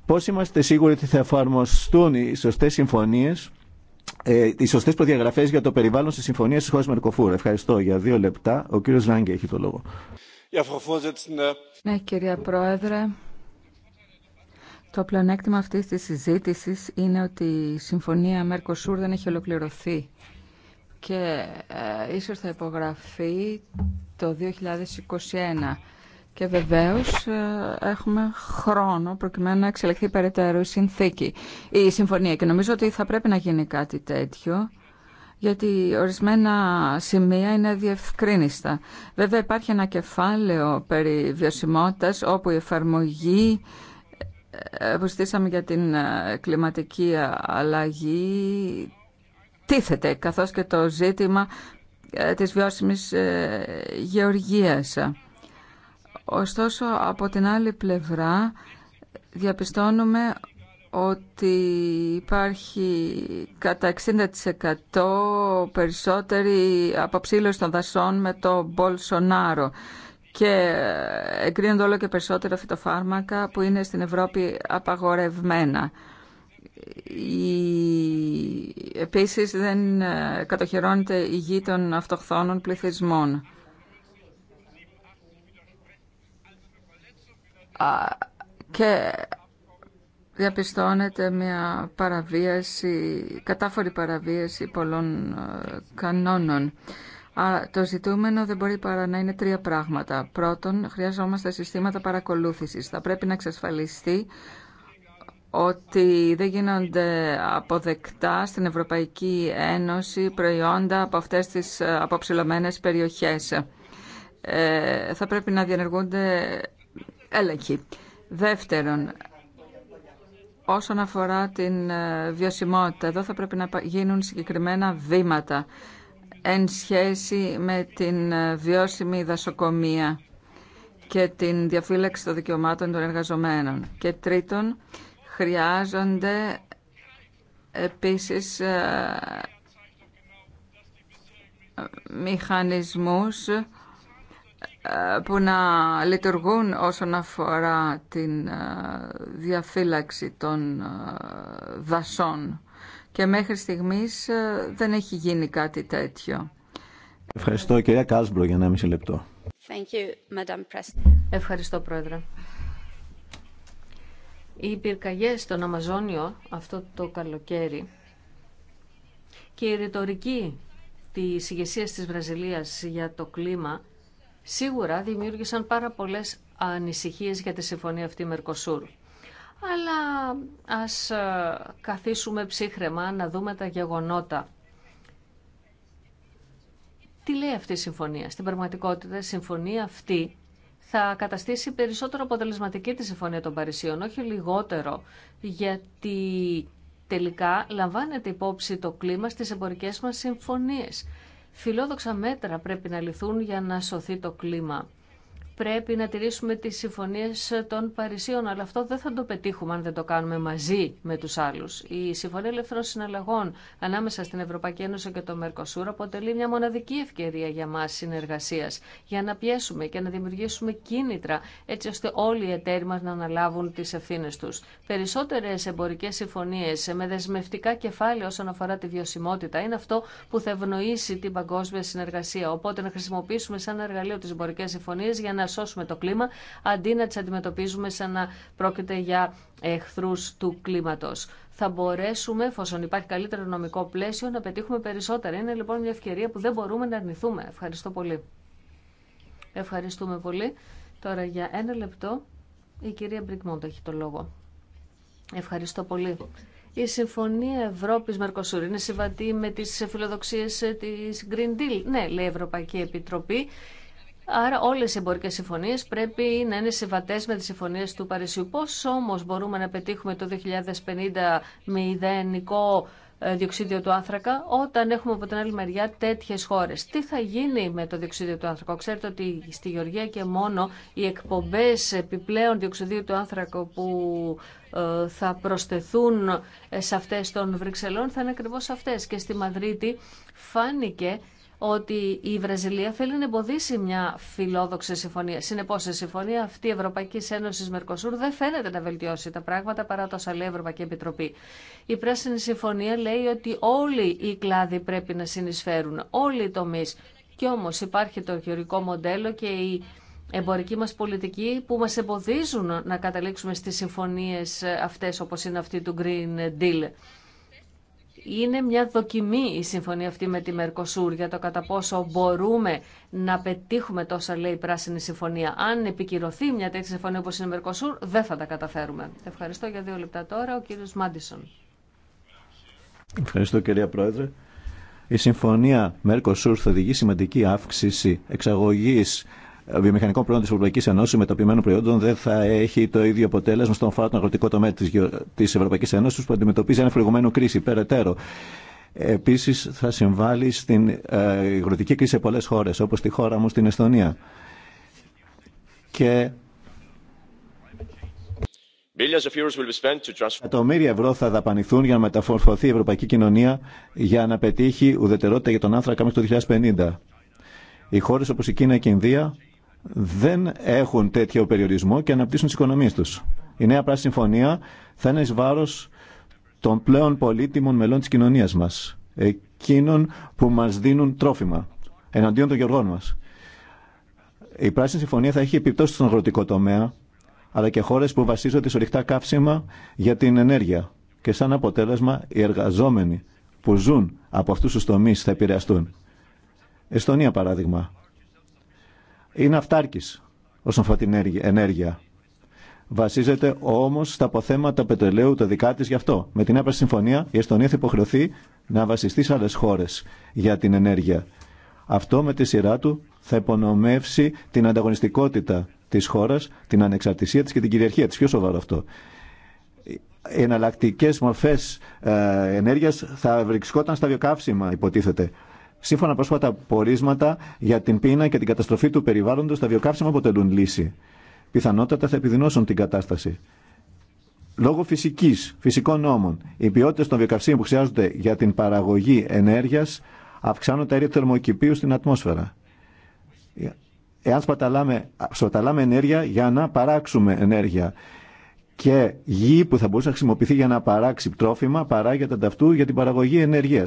Πώς είμαστε σίγουροι ότι θα εφαρμοστούν οι σωστές συμφωνίες, ε, οι σωστές προδιαγραφές για το περιβάλλον στις συμφωνίες της χώρας Μερκοφούρ. Ευχαριστώ. Για δύο λεπτά ο κύριος Λάγκη έχει το λόγο. Ναι, κυρία Πρόεδρε. Το πλεονέκτημα αυτής της συζήτησης είναι ότι η συμφωνία Μέρκοσούρ δεν έχει ολοκληρωθεί και ε, ίσως θα υπογραφεί το 2021. Και βεβαίως ε, έχουμε χρόνο προκειμένου να εξελιχθεί περαιτέρω η συνθήκη, η συμφωνία. Και νομίζω ότι θα πρέπει να γίνει κάτι τέτοιο, γιατί ορισμένα σημεία είναι διευκρίνιστα. Βέβαια υπάρχει ένα κεφάλαιο περί βιωσιμότητας, όπου η εφαρμογή ε, ε, που στήσαμε για την κλιματική αλλαγή τίθεται, καθώς και το ζήτημα ε, της βιώσιμης ε, γεωργίας. Ωστόσο, από την άλλη πλευρά, διαπιστώνουμε ότι υπάρχει κατά 60% περισσότερη αποψήλωση των δασών με το Μπολσονάρο και εγκρίνονται όλο και περισσότερα φυτοφάρμακα που είναι στην Ευρώπη απαγορευμένα. Επίσης δεν ε, κατοχυρώνεται η γη των αυτοχθόνων πληθυσμών. Και διαπιστώνεται μια παραβίαση, κατάφορη παραβίαση πολλών ε, κανόνων. Το ζητούμενο δεν μπορεί παρά να είναι τρία πράγματα. Πρώτον, χρειαζόμαστε συστήματα παρακολούθησης. Θα πρέπει να εξασφαλιστεί ότι δεν γίνονται αποδεκτά στην Ευρωπαϊκή Ένωση προϊόντα από αυτές τις αποψηλωμένες περιοχές. Ε, θα πρέπει να διενεργούνται έλεγχοι. Δεύτερον, όσον αφορά την ε, βιωσιμότητα, εδώ θα πρέπει να γίνουν συγκεκριμένα βήματα εν σχέση με την ε, βιώσιμη δασοκομεία και την διαφύλαξη των δικαιωμάτων των εργαζομένων. Και τρίτον, Χρειάζονται επίσης ε, μηχανισμούς ε, που να λειτουργούν όσον αφορά την ε, διαφύλαξη των δασών. Και μέχρι στιγμής δεν έχει γίνει κάτι τέτοιο. Ευχαριστώ κυρία Κάσμπρο για ένα μισή λεπτό. Ευχαριστώ πρόεδρε. Οι πυρκαγιές στον Αμαζόνιο αυτό το καλοκαίρι και η ρητορική της ηγεσία της Βραζιλίας για το κλίμα σίγουρα δημιούργησαν πάρα πολλές ανησυχίες για τη συμφωνία αυτή Μερκοσούρ. Αλλά ας ε, καθίσουμε ψύχρεμα να δούμε τα γεγονότα. Τι λέει αυτή η συμφωνία. Στην πραγματικότητα η συμφωνία αυτή θα καταστήσει περισσότερο αποτελεσματική τη Συμφωνία των Παρισιών, όχι λιγότερο, γιατί τελικά λαμβάνεται υπόψη το κλίμα στις εμπορικές μας συμφωνίες. Φιλόδοξα μέτρα πρέπει να λυθούν για να σωθεί το κλίμα πρέπει να τηρήσουμε τις συμφωνίες των Παρισίων, αλλά αυτό δεν θα το πετύχουμε αν δεν το κάνουμε μαζί με τους άλλους. Η Συμφωνία Ελεύθερων Συναλλαγών ανάμεσα στην Ευρωπαϊκή Ένωση και το Μερκοσούρ αποτελεί μια μοναδική ευκαιρία για μας συνεργασίας, για να πιέσουμε και να δημιουργήσουμε κίνητρα, έτσι ώστε όλοι οι εταίροι μας να αναλάβουν τις ευθύνε τους. Περισσότερες εμπορικές συμφωνίες με δεσμευτικά κεφάλαια όσον αφορά τη βιωσιμότητα είναι αυτό που θα ευνοήσει την παγκόσμια συνεργασία. Οπότε να χρησιμοποιήσουμε σαν εργαλείο τις εμπορικές συμφωνίες για να σώσουμε το κλίμα, αντί να τι αντιμετωπίζουμε σαν να πρόκειται για εχθρού του κλίματο. Θα μπορέσουμε, εφόσον υπάρχει καλύτερο νομικό πλαίσιο, να πετύχουμε περισσότερα. Είναι λοιπόν μια ευκαιρία που δεν μπορούμε να αρνηθούμε. Ευχαριστώ πολύ. Ευχαριστούμε πολύ. Τώρα για ένα λεπτό η κυρία Μπρικμόντ έχει το λόγο. Ευχαριστώ πολύ. Η Συμφωνία Ευρώπης Μερκοσούρ είναι συμβατή με τις φιλοδοξίες της Green Deal. Ναι, λέει η Ευρωπαϊκή Επιτροπή Άρα όλε οι εμπορικέ συμφωνίε πρέπει να είναι συμβατέ με τι συμφωνίε του Παρισιού. Πώ όμω μπορούμε να πετύχουμε το 2050 με ιδανικό διοξίδιο του άνθρακα, όταν έχουμε από την άλλη μεριά τέτοιε χώρε. Τι θα γίνει με το διοξίδιο του άνθρακα. Ξέρετε ότι στη Γεωργία και μόνο οι εκπομπέ επιπλέον διοξιδίου του άνθρακα που ε, θα προσθεθούν ε, σε αυτές των Βρυξελών θα είναι ακριβώ αυτές. Και στη Μαδρίτη φάνηκε ότι η Βραζιλία θέλει να εμποδίσει μια φιλόδοξη συμφωνία. Συνεπώ, η συμφωνία αυτή Ευρωπαϊκή Ένωση Μερκοσούρ δεν φαίνεται να βελτιώσει τα πράγματα παρά το σαλέ Ευρωπαϊκή Επιτροπή. Η Πράσινη Συμφωνία λέει ότι όλοι οι κλάδοι πρέπει να συνεισφέρουν, όλοι οι τομεί. Κι όμω υπάρχει το γεωρικό μοντέλο και η εμπορική μας πολιτική που μας εμποδίζουν να καταλήξουμε στις συμφωνίες αυτές όπως είναι αυτή του Green Deal είναι μια δοκιμή η συμφωνία αυτή με τη Μερκοσούρ για το κατά πόσο μπορούμε να πετύχουμε τόσα λέει Πράσινη Συμφωνία. Αν επικυρωθεί μια τέτοια συμφωνία όπως είναι η Μερκοσούρ δεν θα τα καταφέρουμε. Ευχαριστώ για δύο λεπτά τώρα ο κύριος Μάντισον. Ευχαριστώ κυρία Πρόεδρε. Η συμφωνία Μερκοσούρ θα οδηγεί σημαντική αύξηση εξαγωγής βιομηχανικών προϊόντων τη Ευρωπαϊκή Ένωση τοποιημένο προϊόντων δεν θα έχει το ίδιο αποτέλεσμα στον φάρο αγροτικό τομέα τη Ευρωπαϊκή Ένωση που αντιμετωπίζει ένα φλεγωμένο κρίση περαιτέρω. Επίση, θα συμβάλλει στην ε, αγροτική κρίση σε πολλέ χώρε, όπω στη χώρα μου στην Εστονία. Και Εκατομμύρια ευρώ θα δαπανηθούν για να μεταφορφωθεί η ευρωπαϊκή κοινωνία για να πετύχει ουδετερότητα για τον άνθρακα μέχρι το 2050. Οι χώρε όπως η Κίνα και η Ινδία δεν έχουν τέτοιο περιορισμό και αναπτύσσουν τι οικονομίε τους. Η Νέα Πράσινη Συμφωνία θα είναι ει βάρο των πλέον πολύτιμων μελών τη κοινωνία μας, εκείνων που μα δίνουν τρόφιμα, εναντίον των γεωργών μα. Η Πράσινη Συμφωνία θα έχει επιπτώσει στον αγροτικό τομέα, αλλά και χώρε που βασίζονται σε ορυκτά καύσιμα για την ενέργεια. Και σαν αποτέλεσμα, οι εργαζόμενοι που ζουν από αυτού του τομεί θα επηρεαστούν. Εστονία, παράδειγμα, είναι αυτάρκης όσον αφορά την ενέργεια. Βασίζεται όμω στα αποθέματα πετρελαίου τα δικά τη γι' αυτό. Με την έπαρση συμφωνία, η Εστονία θα υποχρεωθεί να βασιστεί σε άλλε χώρε για την ενέργεια. Αυτό με τη σειρά του θα υπονομεύσει την ανταγωνιστικότητα τη χώρα, την ανεξαρτησία τη και την κυριαρχία τη. Πιο σοβαρό αυτό. Οι εναλλακτικέ μορφέ ε, ενέργεια θα βρισκόταν στα βιοκαύσιμα, υποτίθεται. Σύμφωνα πρόσφατα πορίσματα για την πείνα και την καταστροφή του περιβάλλοντος, τα βιοκαύσιμα αποτελούν λύση. Πιθανότατα θα επιδεινώσουν την κατάσταση. Λόγω φυσική, φυσικών νόμων, οι ποιότητε των βιοκαυσίων που χρειάζονται για την παραγωγή ενέργεια, αυξάνουν τα αέρια θερμοκηπίου στην ατμόσφαιρα. Εάν σπαταλάμε, σπαταλάμε ενέργεια για να παράξουμε ενέργεια και γη που θα μπορούσε να χρησιμοποιηθεί για να παράξει τρόφιμα, παράγεται ανταυτού για την παραγωγή ενέργεια.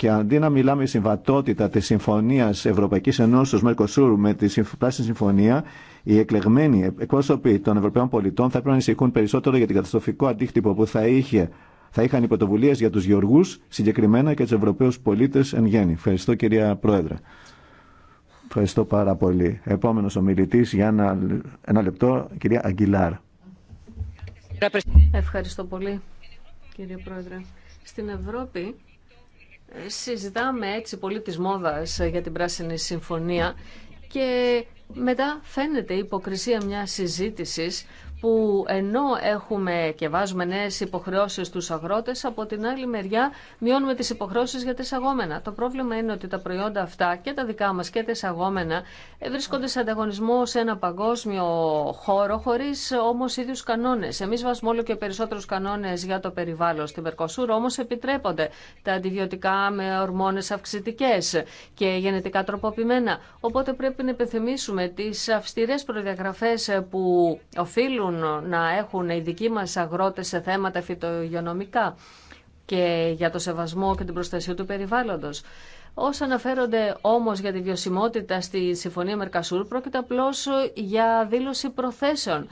Και αντί να μιλάμε η συμβατότητα τη Συμφωνία Ευρωπαϊκή Ενώσεω Μερκοσούρ με τη Πράσινη Συμφωνία, οι εκλεγμένοι εκπρόσωποι των Ευρωπαίων πολιτών θα πρέπει να ανησυχούν περισσότερο για την καταστροφικό αντίκτυπο που θα, είχε, θα είχαν οι πρωτοβουλίε για του γεωργού συγκεκριμένα και του Ευρωπαίου πολίτε εν γέννη. Ευχαριστώ κυρία Πρόεδρε. Ευχαριστώ πάρα πολύ. Επόμενο ομιλητή για ένα, λεπτό, κυρία Αγγιλάρ. Ευχαριστώ πολύ, κύριε Πρόεδρε. Στην Ευρώπη συζητάμε έτσι πολύ της μόδας για την Πράσινη Συμφωνία και μετά φαίνεται η υποκρισία μιας συζήτησης που ενώ έχουμε και βάζουμε νέε υποχρεώσει στους αγρότε, από την άλλη μεριά μειώνουμε τι υποχρεώσει για τα εισαγόμενα. Το πρόβλημα είναι ότι τα προϊόντα αυτά και τα δικά μα και τα εισαγόμενα ε, βρίσκονται σε ανταγωνισμό σε ένα παγκόσμιο χώρο χωρί όμω ίδιους κανόνε. Εμεί βάζουμε όλο και περισσότερου κανόνε για το περιβάλλον. Στην Περκοσούρ, όμω επιτρέπονται τα αντιβιωτικά με ορμόνε αυξητικέ και γενετικά τροποποιημένα. Οπότε πρέπει να επιθυμησουμε τι αυστηρέ προδιαγραφέ που οφείλουν να έχουν οι δικοί μας αγρότες σε θέματα φυτογειονομικά και για το σεβασμό και την προστασία του περιβάλλοντος. Όσα αναφέρονται όμως για τη βιωσιμότητα στη Συμφωνία Μερκασούρ πρόκειται απλώς για δήλωση προθέσεων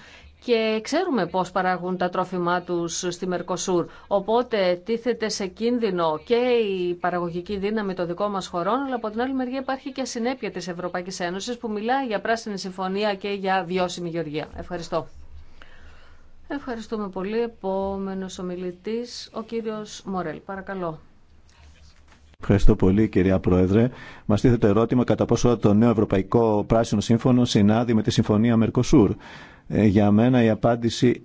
και ξέρουμε πώς παράγουν τα τρόφιμά τους στη Μερκοσούρ. Οπότε τίθεται σε κίνδυνο και η παραγωγική δύναμη των δικών μας χωρών, αλλά από την άλλη μεριά υπάρχει και συνέπεια της Ευρωπαϊκής Ένωσης που μιλάει για πράσινη συμφωνία και για βιώσιμη γεωργία. Ευχαριστώ. Ευχαριστούμε πολύ. Επόμενος ομιλητής, ο κύριος Μορέλ. Παρακαλώ. Ευχαριστώ πολύ, κυρία Πρόεδρε. Μα τίθεται το ερώτημα κατά πόσο το νέο Ευρωπαϊκό Πράσινο Σύμφωνο συνάδει με τη Συμφωνία Μερκοσούρ. Ε, για μένα η απάντηση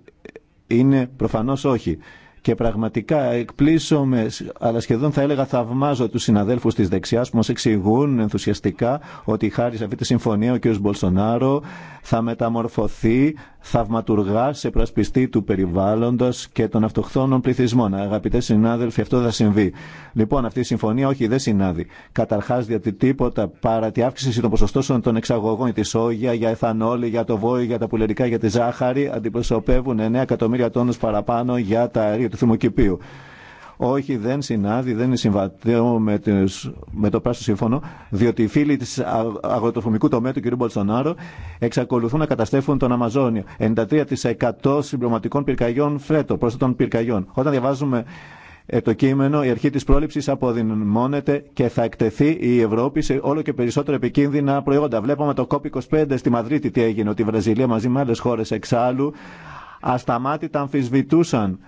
είναι προφανώς όχι. Και πραγματικά εκπλήσωμε, αλλά σχεδόν θα έλεγα θαυμάζω του συναδέλφου τη δεξιά που μα εξηγούν ενθουσιαστικά ότι χάρη σε αυτή τη συμφωνία ο κ. Μπολσονάρο θα μεταμορφωθεί θαυματουργά σε προασπιστή του περιβάλλοντο και των αυτοχθόνων πληθυσμών. Αγαπητέ συνάδελφοι, αυτό θα συμβεί. Λοιπόν, αυτή η συμφωνία όχι δεν συνάδει. Καταρχά, διότι τίποτα παρά τη αύξηση των ποσοστών των εξαγωγών τη όγια, για εθανόλη, για το βόη, για τα πουλερικά, για τη ζάχαρη, αντιπροσωπεύουν 9 εκατομμύρια τόνου παραπάνω για τα αερίου του θερμοκηπίου. Όχι, δεν συνάδει, δεν είναι συμβατό με, με, το Πράσινο Σύμφωνο, διότι οι φίλοι τη αγροτοφομικού τομέα του κ. Μπολσονάρο εξακολουθούν να καταστρέφουν τον Αμαζόνιο. 93% συμπληρωματικών πυρκαγιών φρέτο, πρόσθετων πυρκαγιών. Όταν διαβάζουμε ε, το κείμενο, η αρχή τη πρόληψη αποδυναμώνεται και θα εκτεθεί η Ευρώπη σε όλο και περισσότερο επικίνδυνα προϊόντα. Βλέπαμε το COP25 στη Μαδρίτη τι έγινε, ότι η Βραζιλία μαζί με άλλε χώρε εξάλλου ασταμάτητα αμφισβητούσαν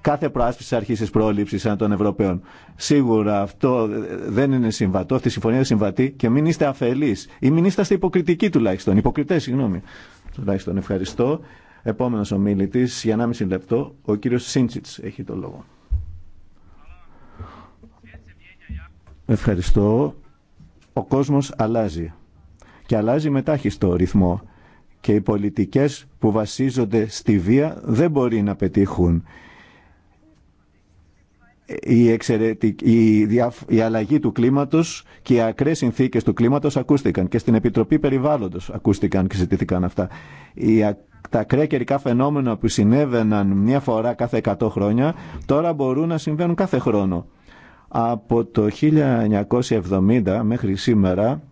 κάθε προάσπιση αρχή τη πρόληψη των Ευρωπαίων. Σίγουρα αυτό δεν είναι συμβατό, αυτή η συμφωνία δεν συμβατή και μην είστε αφελεί ή μην είστε υποκριτικοί τουλάχιστον. Υποκριτέ, συγγνώμη. Τουλάχιστον ευχαριστώ. Επόμενο ομιλητή για 1,5 λεπτό, ο κύριο Σίντσιτ έχει το λόγο. Ευχαριστώ. Ο κόσμος αλλάζει και αλλάζει με τάχιστο ρυθμό και οι πολιτικές που βασίζονται στη βία δεν μπορεί να πετύχουν η, εξαιρετική, η, αλλαγή του κλίματος και οι ακραίες συνθήκες του κλίματος ακούστηκαν και στην Επιτροπή Περιβάλλοντος ακούστηκαν και ζητηθήκαν αυτά. Η, τα ακραία καιρικά φαινόμενα που συνέβαιναν μια φορά κάθε 100 χρόνια τώρα μπορούν να συμβαίνουν κάθε χρόνο. Από το 1970 μέχρι σήμερα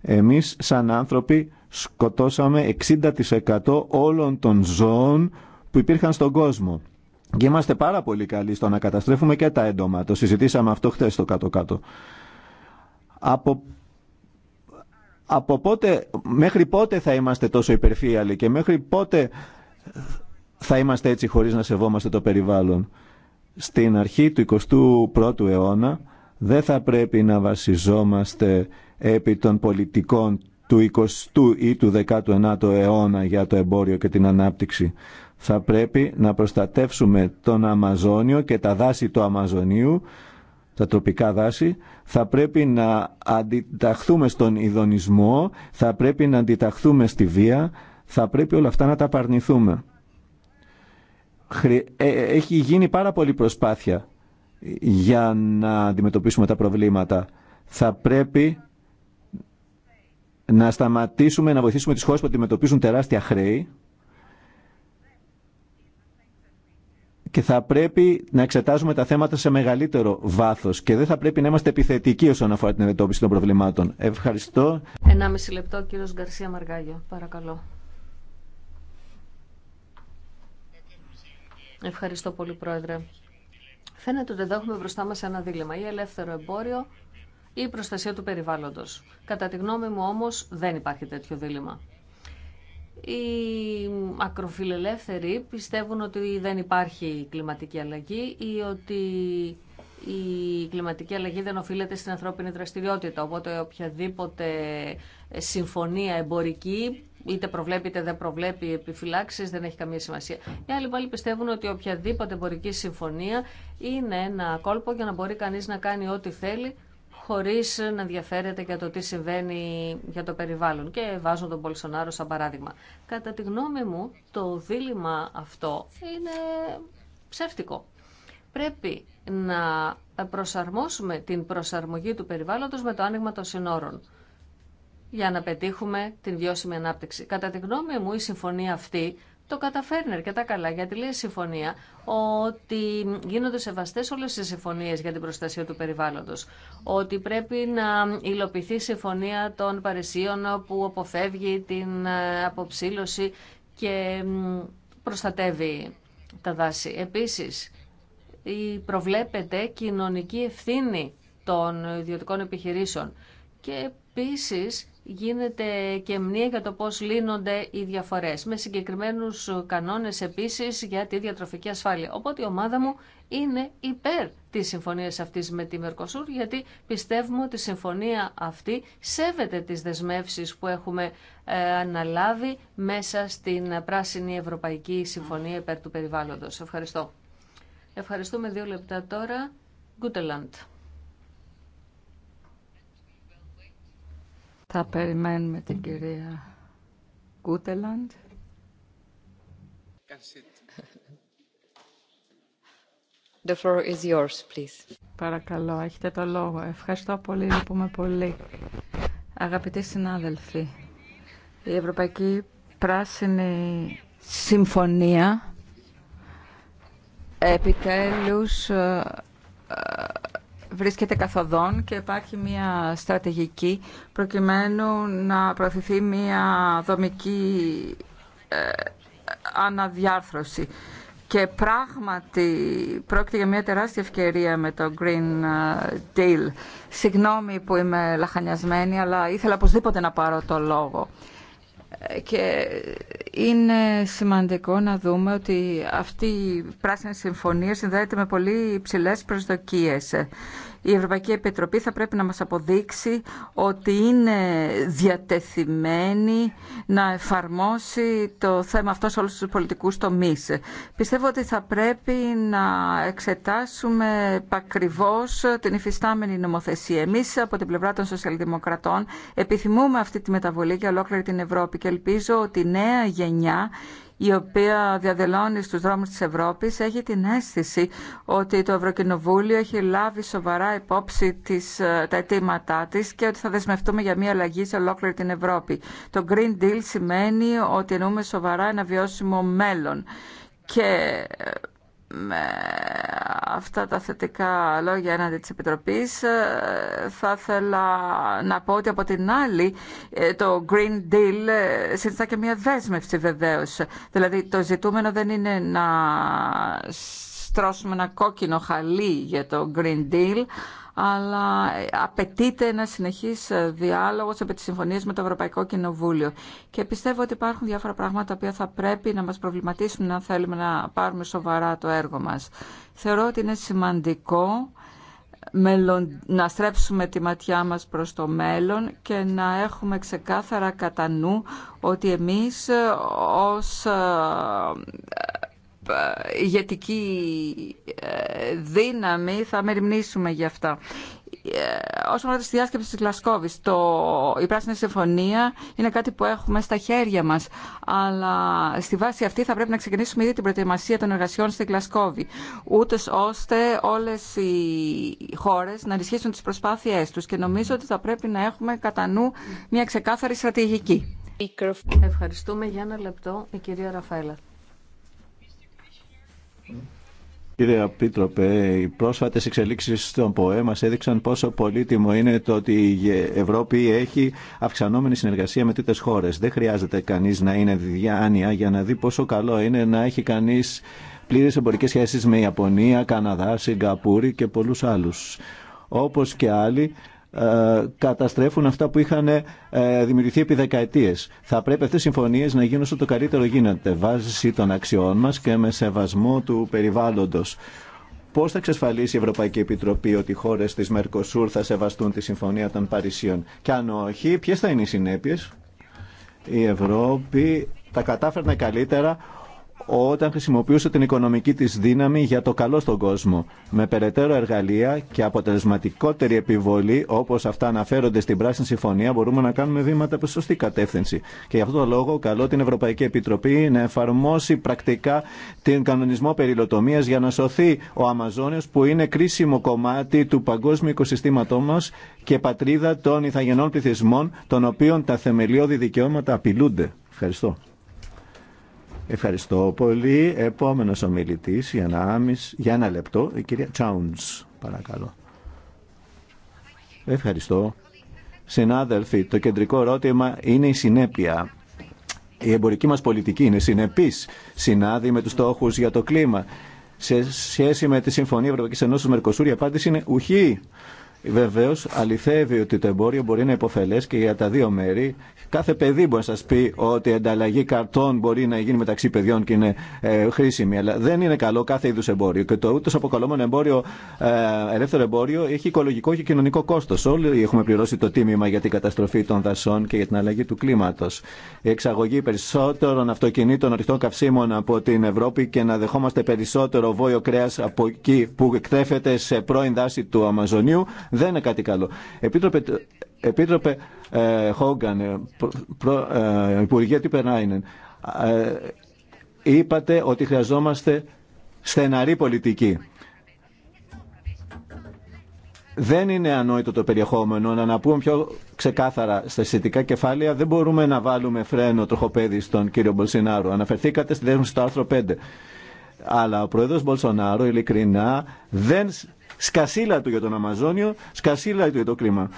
εμείς σαν άνθρωποι σκοτώσαμε 60% όλων των ζώων που υπήρχαν στον κόσμο. Και είμαστε πάρα πολύ καλοί στο να καταστρέφουμε και τα έντομα. Το συζητήσαμε αυτό χθε στο κάτω-κάτω. Από... πότε, μέχρι πότε θα είμαστε τόσο υπερφύαλοι και μέχρι πότε θα είμαστε έτσι χωρίς να σεβόμαστε το περιβάλλον. Στην αρχή του 21ου αιώνα δεν θα πρέπει να βασιζόμαστε επί των πολιτικών του 20ου ή του 19ου αιώνα για το εμπόριο και την ανάπτυξη. Θα πρέπει να προστατεύσουμε τον Αμαζόνιο και τα δάση του Αμαζονίου, τα τροπικά δάση, θα πρέπει να αντιταχθούμε στον ειδονισμό, θα πρέπει να αντιταχθούμε στη βία, θα πρέπει όλα αυτά να τα παρνηθούμε. Ε, ε, έχει γίνει πάρα πολλή προσπάθεια για να αντιμετωπίσουμε τα προβλήματα. Θα πρέπει να σταματήσουμε να βοηθήσουμε τις χώρες που αντιμετωπίζουν τεράστια χρέη και θα πρέπει να εξετάζουμε τα θέματα σε μεγαλύτερο βάθος και δεν θα πρέπει να είμαστε επιθετικοί όσον αφορά την αντιμετώπιση των προβλημάτων. Ευχαριστώ. Ένα μισή λεπτό, κύριος Γκαρσία Μαργάγιο. Παρακαλώ. Ευχαριστώ πολύ, Πρόεδρε. Φαίνεται ότι εδώ έχουμε μπροστά μας ένα δίλημα. Ή ελεύθερο εμπόριο ή προστασία του περιβάλλοντος. Κατά τη γνώμη μου όμως δεν υπάρχει τέτοιο δίλημα. Οι ακροφιλελεύθεροι πιστεύουν ότι δεν υπάρχει κλιματική αλλαγή ή ότι η κλιματική αλλαγή δεν οφείλεται στην ανθρώπινη δραστηριότητα. Οπότε οποιαδήποτε συμφωνία εμπορική, είτε προβλέπει είτε δεν προβλέπει επιφυλάξεις, δεν έχει καμία σημασία. Οι άλλοι πάλι πιστεύουν ότι οποιαδήποτε εμπορική συμφωνία είναι ένα κόλπο για να μπορεί κανείς να κάνει ό,τι θέλει χωρίς να ενδιαφέρεται για το τι συμβαίνει για το περιβάλλον και βάζω τον Πολσονάρο σαν παράδειγμα. Κατά τη γνώμη μου το δίλημα αυτό είναι ψεύτικο. Πρέπει να προσαρμόσουμε την προσαρμογή του περιβάλλοντος με το άνοιγμα των συνόρων για να πετύχουμε την βιώσιμη ανάπτυξη. Κατά τη γνώμη μου η συμφωνία αυτή το καταφέρνει αρκετά καλά γιατί λέει συμφωνία ότι γίνονται σεβαστές όλε οι συμφωνίε για την προστασία του περιβάλλοντος. Ότι πρέπει να υλοποιηθεί η συμφωνία των Παρισίων που αποφεύγει την ε, αποψήλωση και προστατεύει τα δάση. Επίσης, προβλέπεται κοινωνική ευθύνη των ιδιωτικών επιχειρήσεων και επίσης γίνεται και μνήμα για το πώς λύνονται οι διαφορές, με συγκεκριμένους κανόνες επίσης για τη διατροφική ασφάλεια. Οπότε η ομάδα μου είναι υπέρ της συμφωνίας αυτής με τη Μερκοσούρ, γιατί πιστεύουμε ότι η συμφωνία αυτή σέβεται τις δεσμεύσεις που έχουμε ε, αναλάβει μέσα στην Πράσινη Ευρωπαϊκή Συμφωνία υπέρ του περιβάλλοντος. Ευχαριστώ. Ευχαριστούμε δύο λεπτά τώρα. Γκούτελαντ. Θα περιμένουμε την κυρία Κούτελαντ. The floor is yours, please. Παρακαλώ, έχετε το λόγο. Ευχαριστώ πολύ, λυπούμε πολύ. Αγαπητοί συνάδελφοι, η Ευρωπαϊκή Πράσινη Συμφωνία επιτέλους ε, ε, βρίσκεται καθοδόν και υπάρχει μια στρατηγική προκειμένου να προωθηθεί μια δομική ε, αναδιάρθρωση. Και πράγματι πρόκειται για μια τεράστια ευκαιρία με το Green ε, Deal. Συγγνώμη που είμαι λαχανιασμένη, αλλά ήθελα οπωσδήποτε να πάρω το λόγο και είναι σημαντικό να δούμε ότι αυτή η πράσινη συμφωνία συνδέεται με πολύ υψηλές προσδοκίες η Ευρωπαϊκή Επιτροπή θα πρέπει να μας αποδείξει ότι είναι διατεθειμένη να εφαρμόσει το θέμα αυτό σε όλους τους πολιτικούς τομείς. Πιστεύω ότι θα πρέπει να εξετάσουμε πακριβώς την υφιστάμενη νομοθεσία. Εμείς από την πλευρά των σοσιαλδημοκρατών επιθυμούμε αυτή τη μεταβολή για ολόκληρη την Ευρώπη και ελπίζω ότι η νέα γενιά η οποία διαδελώνει στους δρόμους της Ευρώπης έχει την αίσθηση ότι το Ευρωκοινοβούλιο έχει λάβει σοβαρά υπόψη τις, ε, τα αιτήματά της και ότι θα δεσμευτούμε για μια αλλαγή σε ολόκληρη την Ευρώπη. Το Green Deal σημαίνει ότι εννοούμε σοβαρά ένα βιώσιμο μέλλον και ε, με αυτά τα θετικά λόγια έναντι της Επιτροπής ε, θα ήθελα να πω ότι από την άλλη ε, το Green Deal ε, συνιστά και μια δέσμευση βεβαίως. Δηλαδή το ζητούμενο δεν είναι να στρώσουμε ένα κόκκινο χαλί για το Green Deal αλλά απαιτείται ένα συνεχή ε, διάλογο επί τη συμφωνία με το Ευρωπαϊκό Κοινοβούλιο. Και πιστεύω ότι υπάρχουν διάφορα πράγματα που θα πρέπει να μα προβληματίσουν αν θέλουμε να πάρουμε σοβαρά το έργο μα. Θεωρώ ότι είναι σημαντικό ε, να στρέψουμε τη ματιά μας προς το μέλλον και να έχουμε ξεκάθαρα κατά νου ότι εμείς ε, ως ε, ηγετική ε, δύναμη θα μεριμνήσουμε γι' αυτά. Ε, όσον αφορά τη διάσκεψη της Γλασκόβης, το, η Πράσινη Συμφωνία είναι κάτι που έχουμε στα χέρια μας, αλλά στη βάση αυτή θα πρέπει να ξεκινήσουμε ήδη την προετοιμασία των εργασιών στη Γλασκόβη, ούτε ώστε όλες οι χώρες να ενισχύσουν τις προσπάθειές τους και νομίζω ότι θα πρέπει να έχουμε κατά νου μια ξεκάθαρη στρατηγική. Ευχαριστούμε για ένα λεπτό η κυρία Ραφαέλα. Κύριε Πίτροπε, οι πρόσφατε εξελίξει στον ΠΟΕ μα έδειξαν πόσο πολύτιμο είναι το ότι η Ευρώπη έχει αυξανόμενη συνεργασία με τρίτε χώρε. Δεν χρειάζεται κανεί να είναι διάνοια για να δει πόσο καλό είναι να έχει κανεί πλήρε εμπορικέ σχέσει με Ιαπωνία, Καναδά, Σιγκαπούρη και πολλού άλλου. Όπω και άλλοι, ε, καταστρέφουν αυτά που είχαν ε, δημιουργηθεί επί δεκαετίες. Θα πρέπει αυτές οι συμφωνίες να γίνουν όσο το καλύτερο γίνεται βάσει των αξιών μας και με σεβασμό του περιβάλλοντος. Πώ θα εξασφαλίσει η Ευρωπαϊκή Επιτροπή ότι οι χώρε τη Μερκοσούρ θα σεβαστούν τη Συμφωνία των Παρισίων. Και αν όχι, ποιε θα είναι οι συνέπειε. Η Ευρώπη τα κατάφερνε καλύτερα όταν χρησιμοποιούσε την οικονομική τη δύναμη για το καλό στον κόσμο, με περαιτέρω εργαλεία και αποτελεσματικότερη επιβολή, όπω αυτά αναφέρονται στην Πράσινη Συμφωνία, μπορούμε να κάνουμε βήματα προ σωστή κατεύθυνση. Και γι' αυτό το λόγο καλώ την Ευρωπαϊκή Επιτροπή να εφαρμόσει πρακτικά την κανονισμό περιλωτομία για να σωθεί ο Αμαζόνιο που είναι κρίσιμο κομμάτι του παγκόσμιου οικοσυστήματό μα και πατρίδα των ηθαγενών πληθυσμών, των οποίων τα θεμελιώδη δικαιώματα απειλούνται. Ευχαριστώ. Ευχαριστώ πολύ. Επόμενος ομιλητής για ένα, για ένα λεπτό, η κυρία Τσάουνς, παρακαλώ. Ευχαριστώ. Συνάδελφοι, το κεντρικό ερώτημα είναι η συνέπεια. Η εμπορική μας πολιτική είναι συνεπής, συνάδει με τους στόχους για το κλίμα. Σε σχέση με τη Συμφωνία Ευρωπαϊκής Ενώσης Μερκοσούρη, η απάντηση είναι ουχή. Βεβαίω, αληθεύει ότι το εμπόριο μπορεί να υποφελές και για τα δύο μέρη. Κάθε παιδί μπορεί να σα πει ότι η ανταλλαγή καρτών μπορεί να γίνει μεταξύ παιδιών και είναι ε, χρήσιμη, αλλά δεν είναι καλό κάθε είδους εμπόριο. Και το ούτω αποκαλούμενο εμπόριο, ε, ελεύθερο εμπόριο έχει οικολογικό και κοινωνικό κόστο. Όλοι έχουμε πληρώσει το τίμημα για την καταστροφή των δασών και για την αλλαγή του κλίματο. Η εξαγωγή περισσότερων αυτοκινήτων ορυχτών καυσίμων από την Ευρώπη και να δεχόμαστε περισσότερο βόλιο κρέα από εκεί που εκτρέφεται σε πρώην δάση του Αμαζονίου δεν είναι κάτι καλό. Επίτροπε, επίτροπε ε, Χόγκαν, ε, προ, ε, Υπουργέ ναι. ε, είπατε ότι χρειαζόμαστε στεναρή πολιτική. Δεν είναι ανόητο το περιεχόμενο. Να, να πούμε πιο ξεκάθαρα στα σχετικά κεφάλαια, δεν μπορούμε να βάλουμε φρένο τροχοπέδι στον κύριο Μπολσινάρου. Αναφερθήκατε στη δέσμευση στο άρθρο 5. Αλλά ο πρόεδρος Μπολσονάρο ειλικρινά δεν Σκασίλα του για τον Αμαζόνιο, σκασίλα του για το κλίμα.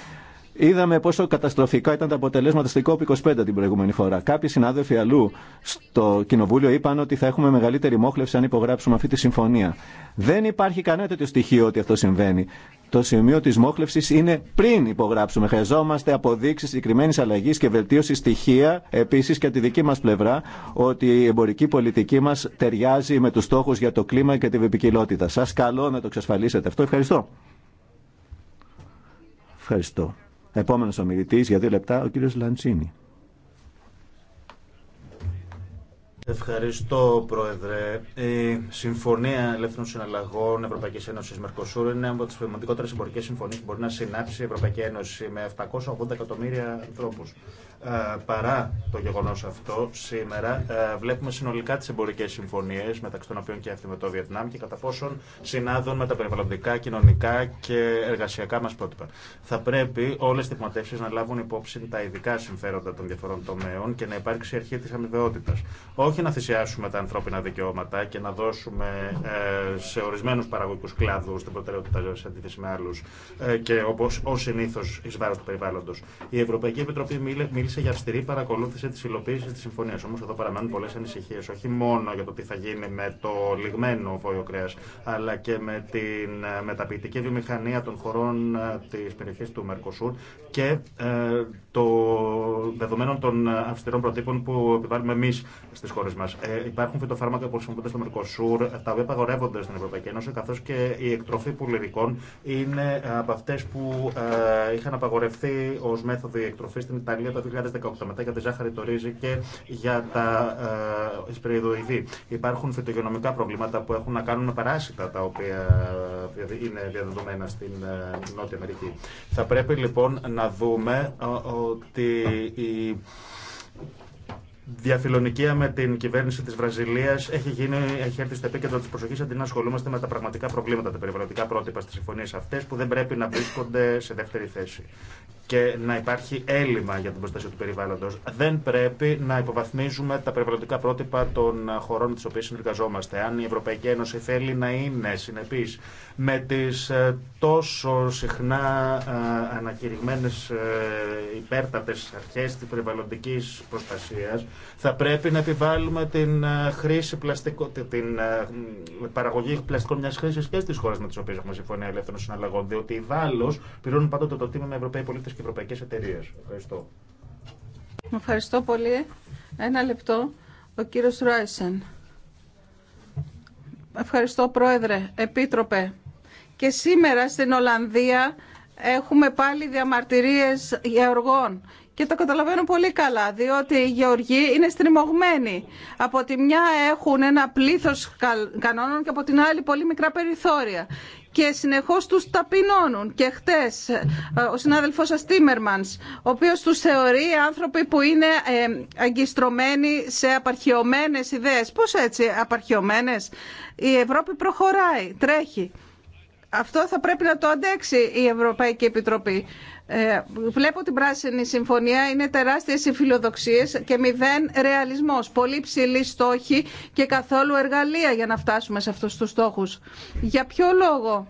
Είδαμε πόσο καταστροφικά ήταν τα αποτελέσματα στην COP25 την προηγούμενη φορά. Κάποιοι συνάδελφοι αλλού στο Κοινοβούλιο είπαν ότι θα έχουμε μεγαλύτερη μόχλευση αν υπογράψουμε αυτή τη συμφωνία. Δεν υπάρχει κανένα τέτοιο στοιχείο ότι αυτό συμβαίνει. Το σημείο τη μόχλευση είναι πριν υπογράψουμε. Χρειαζόμαστε αποδείξει συγκεκριμένη αλλαγή και βελτίωση στοιχεία επίση και από τη δική μα πλευρά ότι η εμπορική πολιτική μα ταιριάζει με του στόχου για το κλίμα και τη επικοινότητα. Σα καλώ να το εξασφαλίσετε αυτό. Ευχαριστώ. Ευχαριστώ. Επόμενο ομιλητή για δύο λεπτά, ο κύριο Λαντσίνη. Ευχαριστώ, Πρόεδρε. Η Συμφωνία Ελεύθερων Συναλλαγών Ευρωπαϊκή Ένωση Μερκοσούρ είναι από τι σημαντικότερε εμπορικέ συμφωνίε που μπορεί να συνάψει η Ευρωπαϊκή Ένωση με 780 εκατομμύρια ανθρώπου. Ε, παρά το γεγονό αυτό, σήμερα ε, βλέπουμε συνολικά τι εμπορικέ συμφωνίε, μεταξύ των οποίων και αυτή με το Βιετνάμ, και κατά πόσον συνάδουν με τα περιβαλλοντικά, κοινωνικά και εργασιακά μα πρότυπα. Θα πρέπει όλε οι δημοτεύσει να λάβουν υπόψη τα ειδικά συμφέροντα των διαφορών τομέων και να υπάρξει αρχή τη αμοιβαιότητα. Όχι να θυσιάσουμε τα ανθρώπινα δικαιώματα και να δώσουμε ε, σε ορισμένου παραγωγικού κλάδου την προτεραιότητα σε αντίθεση με άλλου και όπω συνήθω ει βάρο του περιβάλλοντο. Η Ευρωπαϊκή Επιτροπή μίλησε για αυστηρή παρακολούθηση τη υλοποίηση τη συμφωνία. Όμω εδώ παραμένουν πολλέ ανησυχίε, όχι μόνο για το τι θα γίνει με το λιγμένο βόλιο κρέα, αλλά και με την ε, μεταποιητική βιομηχανία των χωρών ε, τη περιοχή του Μερκοσούρ και ε, το δεδομένο των αυστηρών προτύπων που επιβάλλουμε εμεί στι χώρε μα. υπάρχουν φυτοφάρμακα που χρησιμοποιούνται στο Μερκοσούρ, τα οποία απαγορεύονται στην Ευρωπαϊκή Ένωση, καθώ και η εκτροφή πουλερικών είναι από αυτέ που είχαν απαγορευτεί ω μέθοδο εκτροφή στην Ιταλία το 2018. Μετά για τη ζάχαρη, το ρύζι και για τα ε, Υπάρχουν φυτογενομικά προβλήματα που έχουν να κάνουν με παράσιτα τα οποία ε, είναι διαδεδομένα στην ε, Νότια Αμερική. Θα πρέπει λοιπόν να δούμε ε, ότι η διαφιλονικία με την κυβέρνηση τη Βραζιλία έχει, έχει έρθει στο επίκεντρο τη προσοχή αντί να ασχολούμαστε με τα πραγματικά προβλήματα, τα περιβαλλοντικά πρότυπα στι συμφωνίε αυτέ που δεν πρέπει να βρίσκονται σε δεύτερη θέση. Και να υπάρχει έλλειμμα για την προστασία του περιβάλλοντο. Δεν πρέπει να υποβαθμίζουμε τα περιβαλλοντικά πρότυπα των χωρών με τι οποίε συνεργαζόμαστε. Αν η Ευρωπαϊκή Ένωση θέλει να είναι συνεπή με τι ε, τόσο συχνά ε, ανακηρυγμένε ε, υπέρτατε αρχέ τη περιβαλλοντική προστασία, θα πρέπει να επιβάλλουμε την, ε, χρήση την ε, παραγωγή πλαστικών μια χρήση και στι χώρε με τι οποίε έχουμε συμφωνία ελεύθερων συναλλαγών. Διότι οι βάλλο πληρώνουν πάντοτε το τίμημα Ευρωπαίοι πολίτε και ευρωπαϊκέ εταιρείε. Ευχαριστώ. Ευχαριστώ πολύ. Ένα λεπτό. Ο κύριο Ράισεν. Ευχαριστώ Πρόεδρε, Επίτροπε. Και σήμερα στην Ολλανδία έχουμε πάλι διαμαρτυρίες γεωργών και το καταλαβαίνω πολύ καλά, διότι οι γεωργοί είναι στριμωγμένοι. Από τη μια έχουν ένα πλήθος κανόνων και από την άλλη πολύ μικρά περιθώρια. Και συνεχώς τους ταπεινώνουν. Και χτες ε, ο συνάδελφός σας Τίμερμανς, ο οποίος τους θεωρεί άνθρωποι που είναι ε, αγκιστρωμένοι σε απαρχιωμένες ιδέες. Πώς έτσι, απαρχιωμένες. Η Ευρώπη προχωράει, τρέχει. Αυτό θα πρέπει να το αντέξει η Ευρωπαϊκή Επιτροπή. Ε, βλέπω την πράσινη συμφωνία, είναι τεράστιες οι φιλοδοξίες και μηδέν ρεαλισμός. Πολύ ψηλή στόχη και καθόλου εργαλεία για να φτάσουμε σε αυτούς τους στόχους. Για ποιο λόγο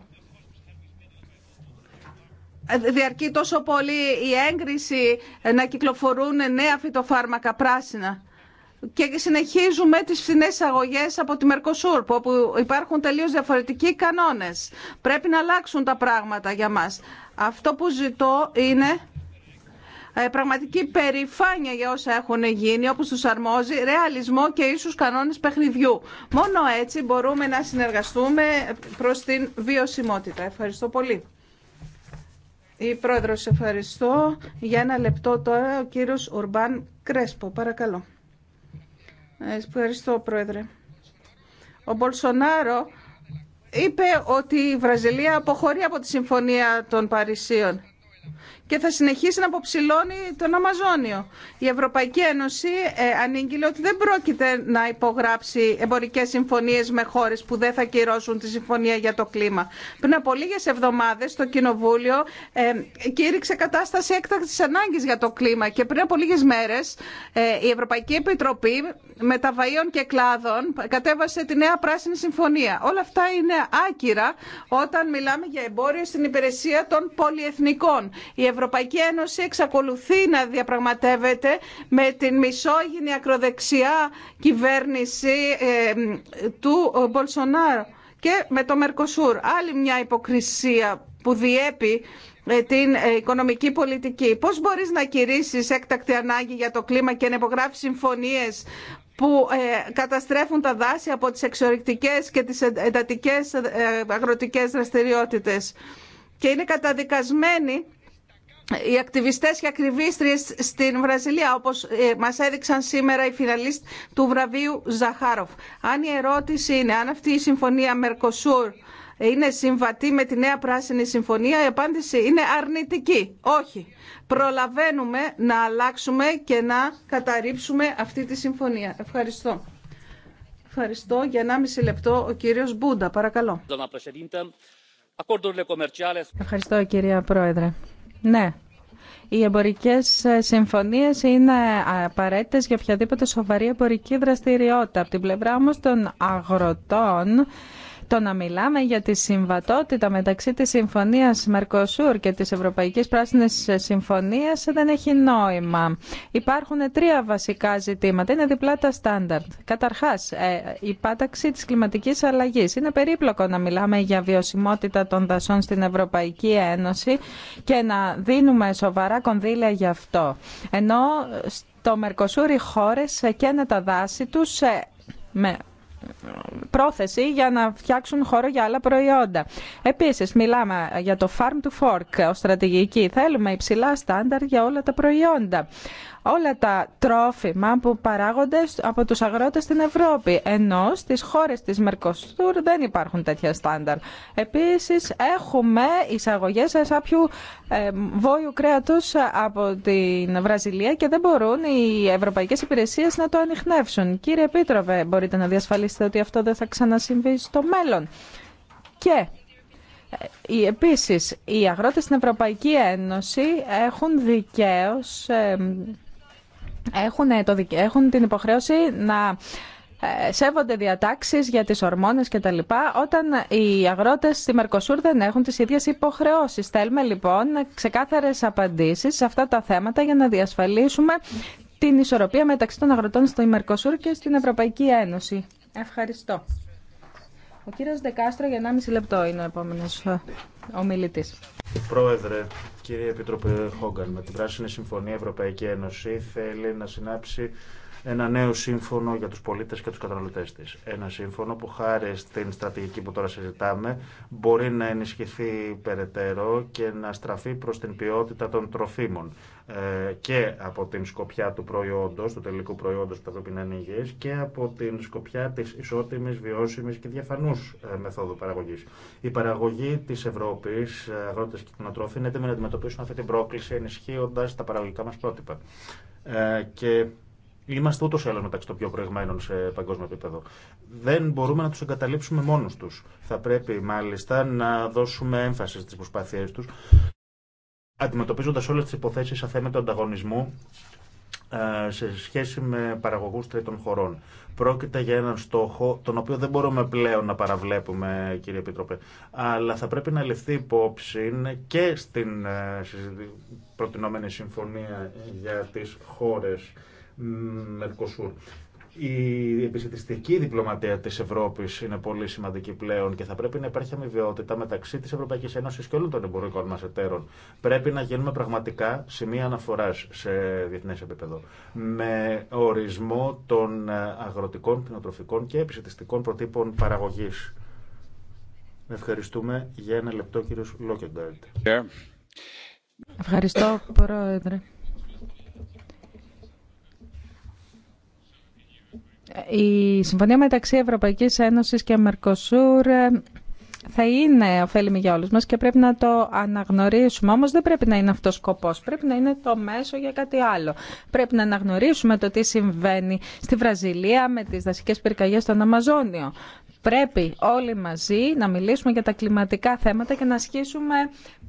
διαρκεί τόσο πολύ η έγκριση να κυκλοφορούν νέα φυτοφάρμακα πράσινα και συνεχίζουμε τις φθηνές αγωγές από τη Μερκοσούρ που όπου υπάρχουν τελείως διαφορετικοί κανόνες. Πρέπει να αλλάξουν τα πράγματα για μας. Αυτό που ζητώ είναι ε, πραγματική περηφάνεια για όσα έχουν γίνει, όπως τους αρμόζει, ρεαλισμό και ίσους κανόνες παιχνιδιού. Μόνο έτσι μπορούμε να συνεργαστούμε προς την βιωσιμότητα. Ευχαριστώ πολύ. Η Πρόεδρος, ευχαριστώ. Για ένα λεπτό τώρα ο κύριος Ουρμπάν Κρέσπο, παρακαλώ. Ε, ευχαριστώ, Πρόεδρε. Ο Μπολσονάρο είπε ότι η Βραζιλία αποχωρεί από τη Συμφωνία των Παρισίων και θα συνεχίσει να αποψηλώνει τον Αμαζόνιο. Η Ευρωπαϊκή Ένωση ε, ανήγγειλε ότι δεν πρόκειται να υπογράψει εμπορικέ συμφωνίε με χώρε που δεν θα κυρώσουν τη συμφωνία για το κλίμα. Πριν από λίγε εβδομάδε το Κοινοβούλιο ε, κήρυξε κατάσταση έκτακτη ανάγκη για το κλίμα και πριν από λίγε μέρε ε, η Ευρωπαϊκή Επιτροπή Μεταβαίων και Κλάδων κατέβασε τη νέα πράσινη συμφωνία. Όλα αυτά είναι άκυρα όταν μιλάμε για εμπόριο στην υπηρεσία των πολιεθνικών. Ευρωπαϊκή Ένωση εξακολουθεί να διαπραγματεύεται με την μισόγυνη ακροδεξιά κυβέρνηση ε, του Μπολσονάρ και με το Μερκοσούρ. Άλλη μια υποκρισία που διέπει ε, την ε, οικονομική πολιτική. Πώς μπορείς να κηρύσεις έκτακτη ανάγκη για το κλίμα και να υπογράφεις συμφωνίες που καταστρέφουν τα δάση από τις εξορρυκτικές και τις εντατικές αγροτικές δραστηριότητες. Και είναι καταδικασμένοι οι ακτιβιστές και ακριβίστριες στην Βραζιλία, όπως ε, μας έδειξαν σήμερα οι φιναλίστ του βραβείου Ζαχάροφ. Αν η ερώτηση είναι αν αυτή η συμφωνία Μερκοσούρ είναι συμβατή με τη νέα πράσινη συμφωνία, η απάντηση είναι αρνητική. Όχι. Προλαβαίνουμε να αλλάξουμε και να καταρρύψουμε αυτή τη συμφωνία. Ευχαριστώ. Ευχαριστώ. Για 1,5 λεπτό ο κύριος Μπούντα. Παρακαλώ. Ευχαριστώ κυρία Πρόεδρε. Ναι. Οι εμπορικές ε, συμφωνίες είναι απαραίτητες για οποιαδήποτε σοβαρή εμπορική δραστηριότητα. Από την πλευρά όμω των αγροτών το να μιλάμε για τη συμβατότητα μεταξύ της Συμφωνίας Μερκοσούρ και της Ευρωπαϊκής Πράσινης Συμφωνίας δεν έχει νόημα. Υπάρχουν τρία βασικά ζητήματα. Είναι διπλά τα στάνταρτ. Καταρχάς, ε, η πάταξη της κλιματικής αλλαγής. Είναι περίπλοκο να μιλάμε για βιωσιμότητα των δασών στην Ευρωπαϊκή Ένωση και να δίνουμε σοβαρά κονδύλια γι' αυτό. Ενώ στο Μερκοσούρ οι χώρες και τα δάση τους ε, με πρόθεση για να φτιάξουν χώρο για άλλα προϊόντα. Επίση, μιλάμε για το Farm to Fork ω στρατηγική. Θέλουμε υψηλά στάνταρ για όλα τα προϊόντα. Όλα τα τρόφιμα που παράγονται από του αγρότε στην Ευρώπη, ενώ στι χώρε τη Μερκοστούρ δεν υπάρχουν τέτοια στάνταρ. Επίση, έχουμε εισαγωγέ σε ε, βόλου κρέατος από την Βραζιλία και δεν μπορούν οι Ευρωπαϊκέ Υπηρεσίε να το ανοιχνεύσουν. Κύριε Επίτροπε, μπορείτε να διασφαλίσετε ότι αυτό δεν θα ξανασυμβεί στο μέλλον. Και ε, επίσης οι αγρότες στην Ευρωπαϊκή Ένωση έχουν δικαίως ε, έχουν, ε, το, έχουν την υποχρέωση να σέβονται διατάξεις για τις ορμόνες και τα λοιπά όταν οι αγρότες στη Μερκοσούρ δεν έχουν τις ίδιες υποχρεώσεις. Θέλουμε λοιπόν ξεκάθαρες απαντήσεις σε αυτά τα θέματα για να διασφαλίσουμε την ισορροπία μεταξύ των αγροτών στο Μερκοσούρ και στην Ευρωπαϊκή Ένωση. Ευχαριστώ. Ο κύριος Δεκάστρο για 1,5 λεπτό είναι ο επόμενος ε, ομιλητής. Πρόεδρε, κύριε Επίτροπε Χόγκαν, με την Πράσινη Συμφωνία Ευρωπαϊκή Ένωση θέλει να συνάψει ένα νέο σύμφωνο για τους πολίτες και τους καταναλωτές της. Ένα σύμφωνο που χάρη στην στρατηγική που τώρα συζητάμε μπορεί να ενισχυθεί περαιτέρω και να στραφεί προς την ποιότητα των τροφίμων ε, και από την σκοπιά του προϊόντος, του τελικού προϊόντος που θα πρέπει να είναι υγιές και από την σκοπιά της ισότιμης, βιώσιμης και διαφανούς ε, μεθόδου παραγωγής. Η παραγωγή της Ευρώπης, ε, αγρότες και κοινοτρόφοι, είναι έτοιμοι να αντιμετωπίσουν αυτή την πρόκληση ενισχύοντα τα παραγωγικά μας πρότυπα. και Είμαστε ούτω ή άλλω μεταξύ των πιο προηγμένων σε παγκόσμιο επίπεδο. Δεν μπορούμε να του εγκαταλείψουμε μόνο του. Θα πρέπει μάλιστα να δώσουμε έμφαση στι προσπάθειέ του αντιμετωπίζοντα όλε τι υποθέσει αθέμετου ανταγωνισμού ε, σε σχέση με παραγωγού τρίτων χωρών. Πρόκειται για έναν στόχο, τον οποίο δεν μπορούμε πλέον να παραβλέπουμε, κύριε Επίτροπε, αλλά θα πρέπει να ληφθεί υπόψη και στην ε, προτινόμενη συμφωνία για τις χώρες Μερκοσούρ. Η επισητιστική διπλωματία τη Ευρώπη είναι πολύ σημαντική πλέον και θα πρέπει να υπάρχει αμοιβαιότητα μεταξύ τη Ευρωπαϊκή Ένωση και όλων των εμπορικών μα εταίρων. Πρέπει να γίνουμε πραγματικά σημεία αναφορά σε διεθνέ επίπεδο. Με ορισμό των αγροτικών, κτηνοτροφικών και επιστημιστικών προτύπων παραγωγή. Ευχαριστούμε για ένα λεπτό, κύριο Yeah. Ευχαριστώ, Πρόεδρε. Η συμφωνία μεταξύ Ευρωπαϊκής Ένωσης και Μερκοσούρ ε, θα είναι ωφέλιμη για όλους μας και πρέπει να το αναγνωρίσουμε. Όμως δεν πρέπει να είναι αυτός ο σκοπός, πρέπει να είναι το μέσο για κάτι άλλο. Πρέπει να αναγνωρίσουμε το τι συμβαίνει στη Βραζιλία με τις δασικές πυρκαγιές στον Αμαζόνιο. Πρέπει όλοι μαζί να μιλήσουμε για τα κλιματικά θέματα και να ασχίσουμε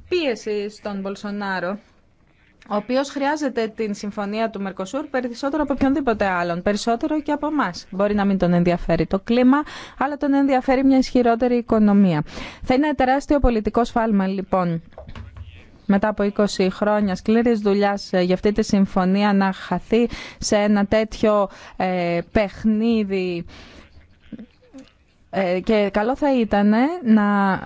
πίεση στον Μπολσονάρο ο οποίο χρειάζεται την συμφωνία του Μερκοσούρ περισσότερο από οποιονδήποτε άλλον, περισσότερο και από εμά. Μπορεί να μην τον ενδιαφέρει το κλίμα, αλλά τον ενδιαφέρει μια ισχυρότερη οικονομία. Θα είναι τεράστιο πολιτικό σφάλμα, λοιπόν, μετά από 20 χρόνια σκληρή δουλειά ε, για αυτή τη συμφωνία να χαθεί σε ένα τέτοιο ε, παιχνίδι ε, και καλό θα ήταν να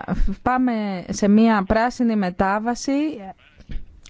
πάμε σε μια πράσινη μετάβαση